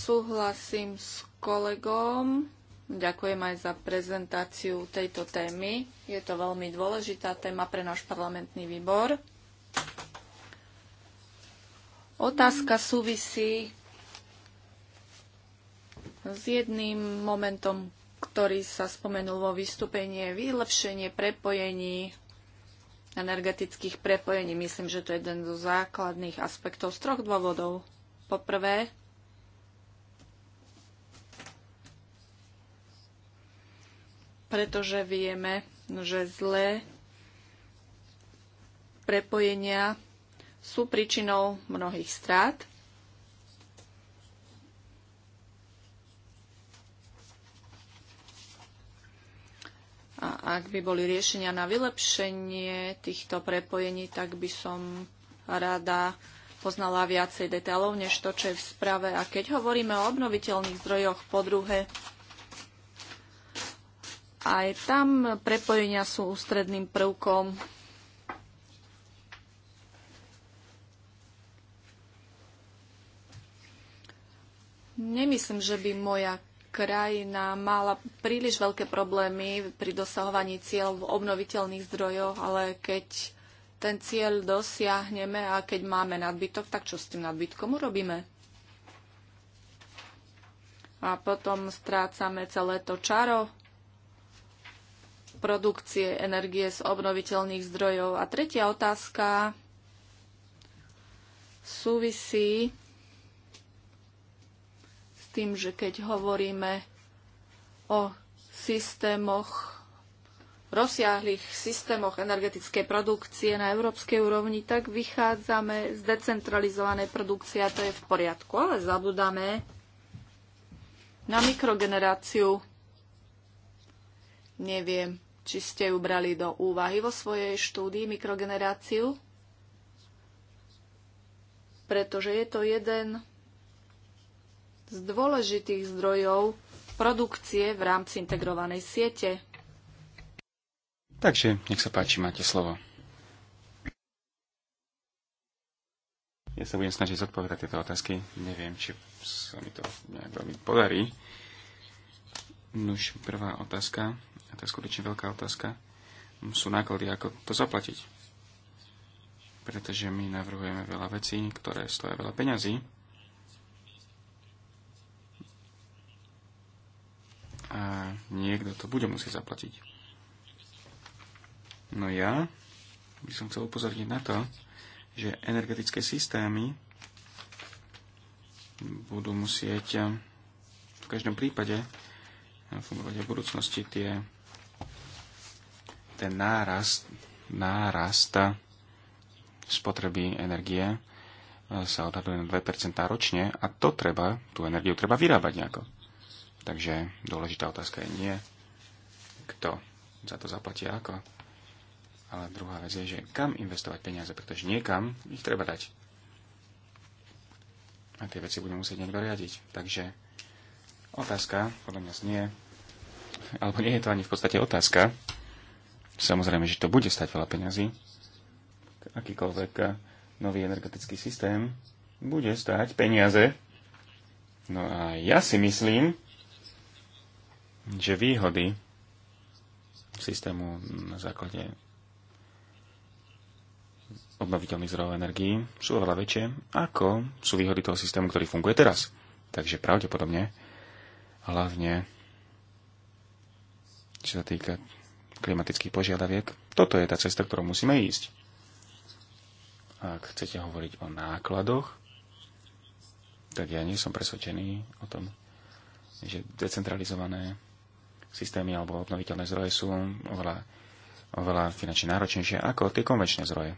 Súhlasím s kolegom. Ďakujem aj za prezentáciu tejto témy. Je to veľmi dôležitá téma pre náš parlamentný výbor. Otázka súvisí s jedným momentom, ktorý sa spomenul vo vystúpení, vylepšenie prepojení energetických prepojení. Myslím, že to je jeden zo základných aspektov z troch dôvodov. Poprvé, pretože vieme, že zlé prepojenia sú príčinou mnohých strát. A ak by boli riešenia na vylepšenie týchto prepojení, tak by som rada poznala viacej detailov než to, čo je v sprave. A keď hovoríme o obnoviteľných zdrojoch, po druhé, aj tam prepojenia sú ústredným prvkom. Nemyslím, že by moja krajina mala príliš veľké problémy pri dosahovaní cieľ v obnoviteľných zdrojoch, ale keď ten cieľ dosiahneme a keď máme nadbytok, tak čo s tým nadbytkom urobíme? A potom strácame celé to čaro produkcie energie z obnoviteľných zdrojov. A tretia otázka súvisí s tým, že keď hovoríme o systémoch, rozsiahlých systémoch energetickej produkcie na európskej úrovni, tak vychádzame z decentralizovanej produkcie a to je v poriadku, ale zabudáme na mikrogeneráciu neviem, či ste ju brali do úvahy vo svojej štúdii mikrogeneráciu? Pretože je to jeden z dôležitých zdrojov produkcie v rámci integrovanej siete. Takže, nech sa páči, máte slovo. Ja sa budem snažiť zodpovedať tieto otázky. Neviem, či sa mi to nejak veľmi podarí. Nuž, prvá otázka a to je skutočne veľká otázka, sú náklady, ako to zaplatiť. Pretože my navrhujeme veľa vecí, ktoré stoja veľa peňazí. A niekto to bude musieť zaplatiť. No ja by som chcel upozorniť na to, že energetické systémy budú musieť v každom prípade fungovať aj v budúcnosti tie ten nárast, nárast spotreby energie e, sa odhaduje na 2% ročne a to treba, tú energiu treba vyrábať nejako. Takže dôležitá otázka je nie, kto za to zaplatí ako. Ale druhá vec je, že kam investovať peniaze, pretože niekam ich treba dať. A tie veci budeme musieť niekto riadiť. Takže otázka podľa mňa znie, alebo nie je to ani v podstate otázka, Samozrejme, že to bude stať veľa peňazí. Akýkoľvek nový energetický systém bude stať peniaze. No a ja si myslím, že výhody systému na základe obnoviteľných zdrojov energií sú oveľa väčšie, ako sú výhody toho systému, ktorý funguje teraz. Takže pravdepodobne, hlavne, čo sa týka klimatických požiadaviek. Toto je tá cesta, ktorou musíme ísť. Ak chcete hovoriť o nákladoch, tak ja nie som presvedčený o tom, že decentralizované systémy alebo obnoviteľné zdroje sú oveľa, oveľa finančne náročnejšie ako tie konvenčné zdroje.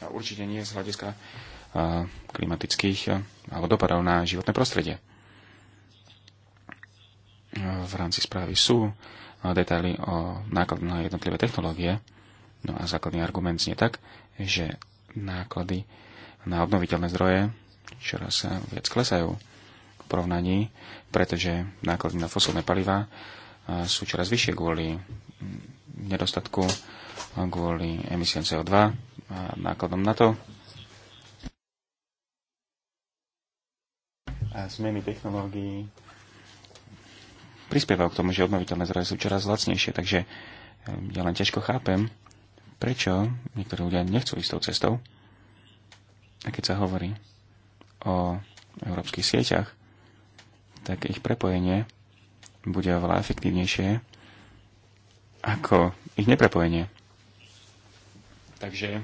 A určite nie z hľadiska klimatických alebo dopadov na životné prostredie. V rámci správy sú detaily o náklady na jednotlivé technológie. No a základný argument znie tak, že náklady na obnoviteľné zdroje čoraz viac klesajú v porovnaní, pretože náklady na fosilné paliva sú čoraz vyššie kvôli nedostatku, kvôli emisiám CO2 a nákladom na to. A zmeny technológií prispieval k tomu, že obnoviteľné zdroje sú čoraz lacnejšie. Takže eh, ja len ťažko chápem, prečo niektorí ľudia nechcú ísť tou cestou. A keď sa hovorí o európskych sieťach, tak ich prepojenie bude oveľa efektívnejšie ako ich neprepojenie. Takže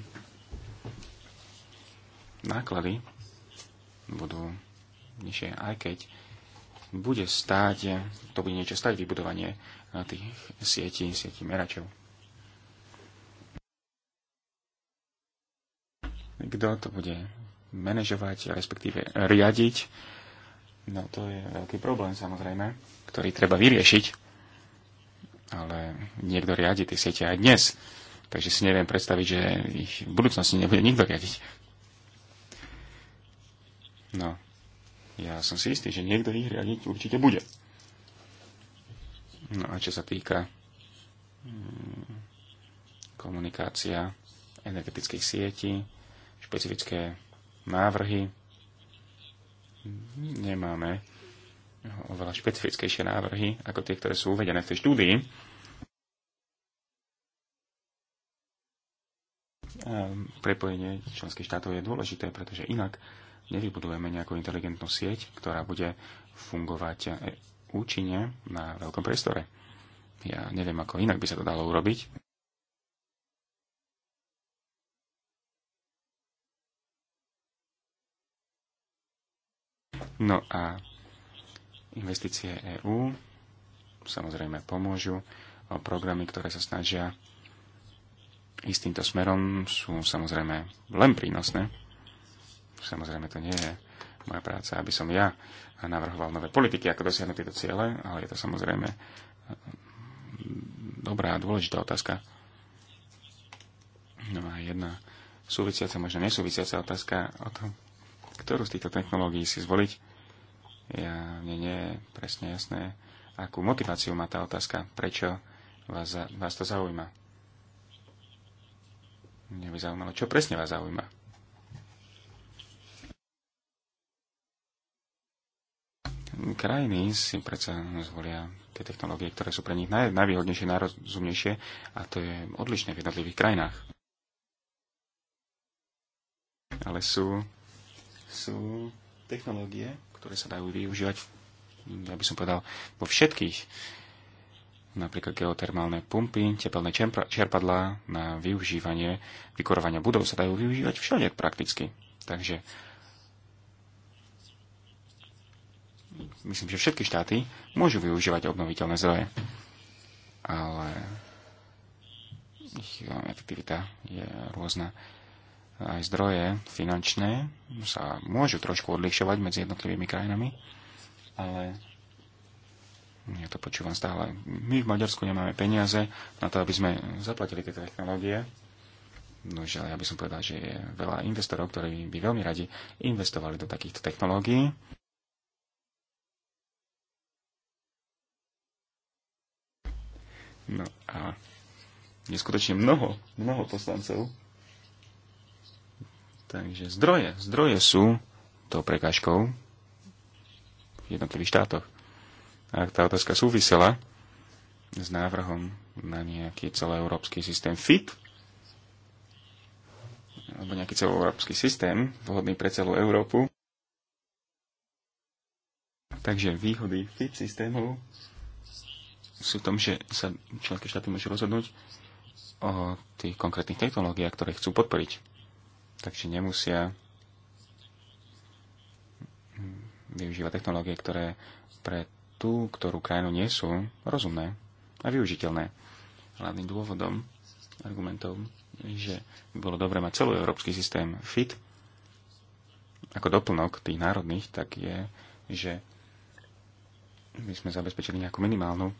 náklady budú nižšie, aj keď bude stáť, to bude niečo stať vybudovanie eh, tých sietí, sietí meračov. Kto to bude manažovať, respektíve riadiť? No to je veľký problém samozrejme, ktorý treba vyriešiť. Ale niekto riadi tie siete aj dnes. Takže si neviem predstaviť, že ich v budúcnosti nebude nikto riadiť. No, ja som si istý, že niekto ich riadiť určite bude. No a čo sa týka mm, komunikácia energetických sietí, špecifické návrhy, nemáme oveľa špecifickejšie návrhy ako tie, ktoré sú uvedené v tej štúdii. prepojenie členských štátov je dôležité, pretože inak nevybudujeme nejakú inteligentnú sieť, ktorá bude fungovať e, účinne na veľkom priestore. Ja neviem, ako inak by sa to dalo urobiť. No a investície EÚ samozrejme pomôžu. Programy, ktoré sa snažia ísť týmto smerom, sú samozrejme len prínosné. Samozrejme, to nie je moja práca, aby som ja navrhoval nové politiky, ako dosiahnuť tieto ciele, ale je to samozrejme mm, dobrá a dôležitá otázka. No a jedna súvisiaca, možno nesúvisiaca otázka o tom, ktorú z týchto technológií si zvoliť. Ja, mne nie je presne jasné, akú motiváciu má tá otázka, prečo vás, vás to zaujíma. Mne by zaujímalo, čo presne vás zaujíma. krajiny si predsa zvolia tie technológie, ktoré sú pre nich naj, najvýhodnejšie, najrozumnejšie a to je odlišné v jednotlivých krajinách. Ale sú, sú technológie, ktoré sa dajú využívať, ja by som povedal, vo všetkých napríklad geotermálne pumpy, tepelné čerpadlá na využívanie vykurovania budov sa dajú využívať všade prakticky. Takže myslím, že všetky štáty môžu využívať obnoviteľné zdroje, ale ich efektivita je rôzna. Aj zdroje finančné sa môžu trošku odlišovať medzi jednotlivými krajinami, ale ja to počúvam stále. My v Maďarsku nemáme peniaze na to, aby sme zaplatili tie technológie. No, že ja by som povedal, že je veľa investorov, ktorí by veľmi radi investovali do takýchto technológií. No a neskutočne mnoho, mnoho poslancov. Takže zdroje, zdroje sú tou prekážkou v jednotlivých štátoch. A ak tá otázka súvisela s návrhom na nejaký celoeurópsky systém FIT, alebo nejaký celoeurópsky systém vhodný pre celú Európu, Takže výhody FIT systémov sú v tom, že sa členské štáty môžu rozhodnúť o tých konkrétnych technológiách, ktoré chcú podporiť. Takže nemusia využívať technológie, ktoré pre tú, ktorú krajinu nie sú rozumné a využiteľné. Hlavným dôvodom, argumentom, že by bolo dobre mať celý európsky systém FIT ako doplnok tých národných, tak je, že by sme zabezpečili nejakú minimálnu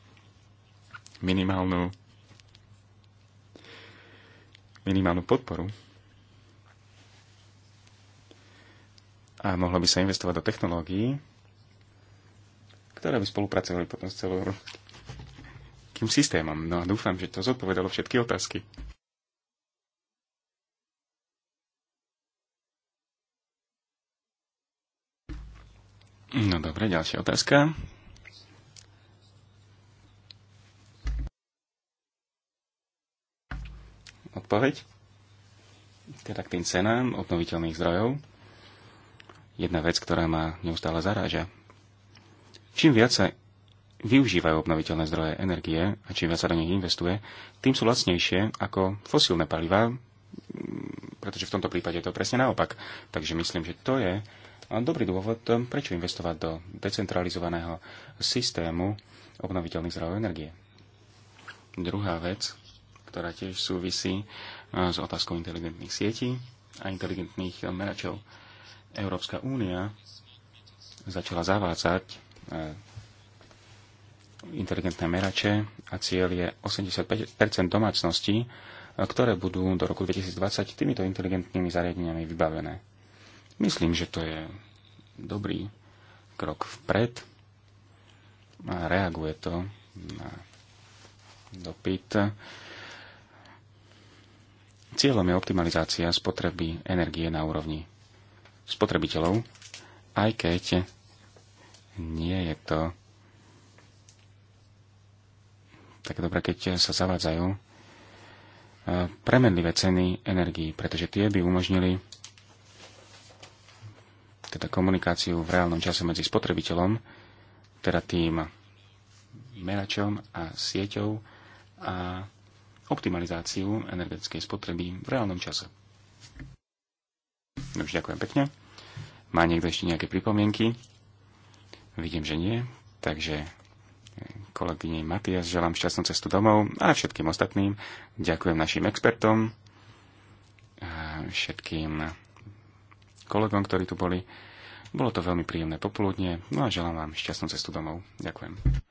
minimálnu, minimálnu podporu a mohlo by sa investovať do technológií, ktoré by spolupracovali potom s celou kým systémom. No a dúfam, že to zodpovedalo všetky otázky. No dobre, ďalšia otázka. odpoveď. Teda k tým cenám obnoviteľných zdrojov. Jedna vec, ktorá ma neustále zaráža. Čím viac sa využívajú obnoviteľné zdroje energie a čím viac sa do nich investuje, tým sú lacnejšie ako fosílne palivá, pretože v tomto prípade je to presne naopak. Takže myslím, že to je dobrý dôvod, prečo investovať do decentralizovaného systému obnoviteľných zdrojov energie. Druhá vec, ktorá tiež súvisí e, s otázkou inteligentných sietí a inteligentných e, meračov. Európska únia začala zavádzať e, inteligentné merače a cieľ je 85 domácností, ktoré budú do roku 2020 týmito inteligentnými zariadeniami vybavené. Myslím, že to je dobrý krok vpred a reaguje to na dopyt Cieľom je optimalizácia spotreby energie na úrovni spotrebiteľov, aj keď nie je to tak dobre, keď sa zavádzajú e, premenlivé ceny energií, pretože tie by umožnili teda komunikáciu v reálnom čase medzi spotrebiteľom, teda tým meračom a sieťou a optimalizáciu energetickej spotreby v reálnom čase. Už ďakujem pekne. Má niekto ešte nejaké pripomienky? Vidím, že nie. Takže eh, kolegyne Matias želám šťastnú cestu domov a všetkým ostatným. Ďakujem našim expertom, a všetkým kolegom, ktorí tu boli. Bolo to veľmi príjemné popoludne, no a želám vám šťastnú cestu domov. Ďakujem.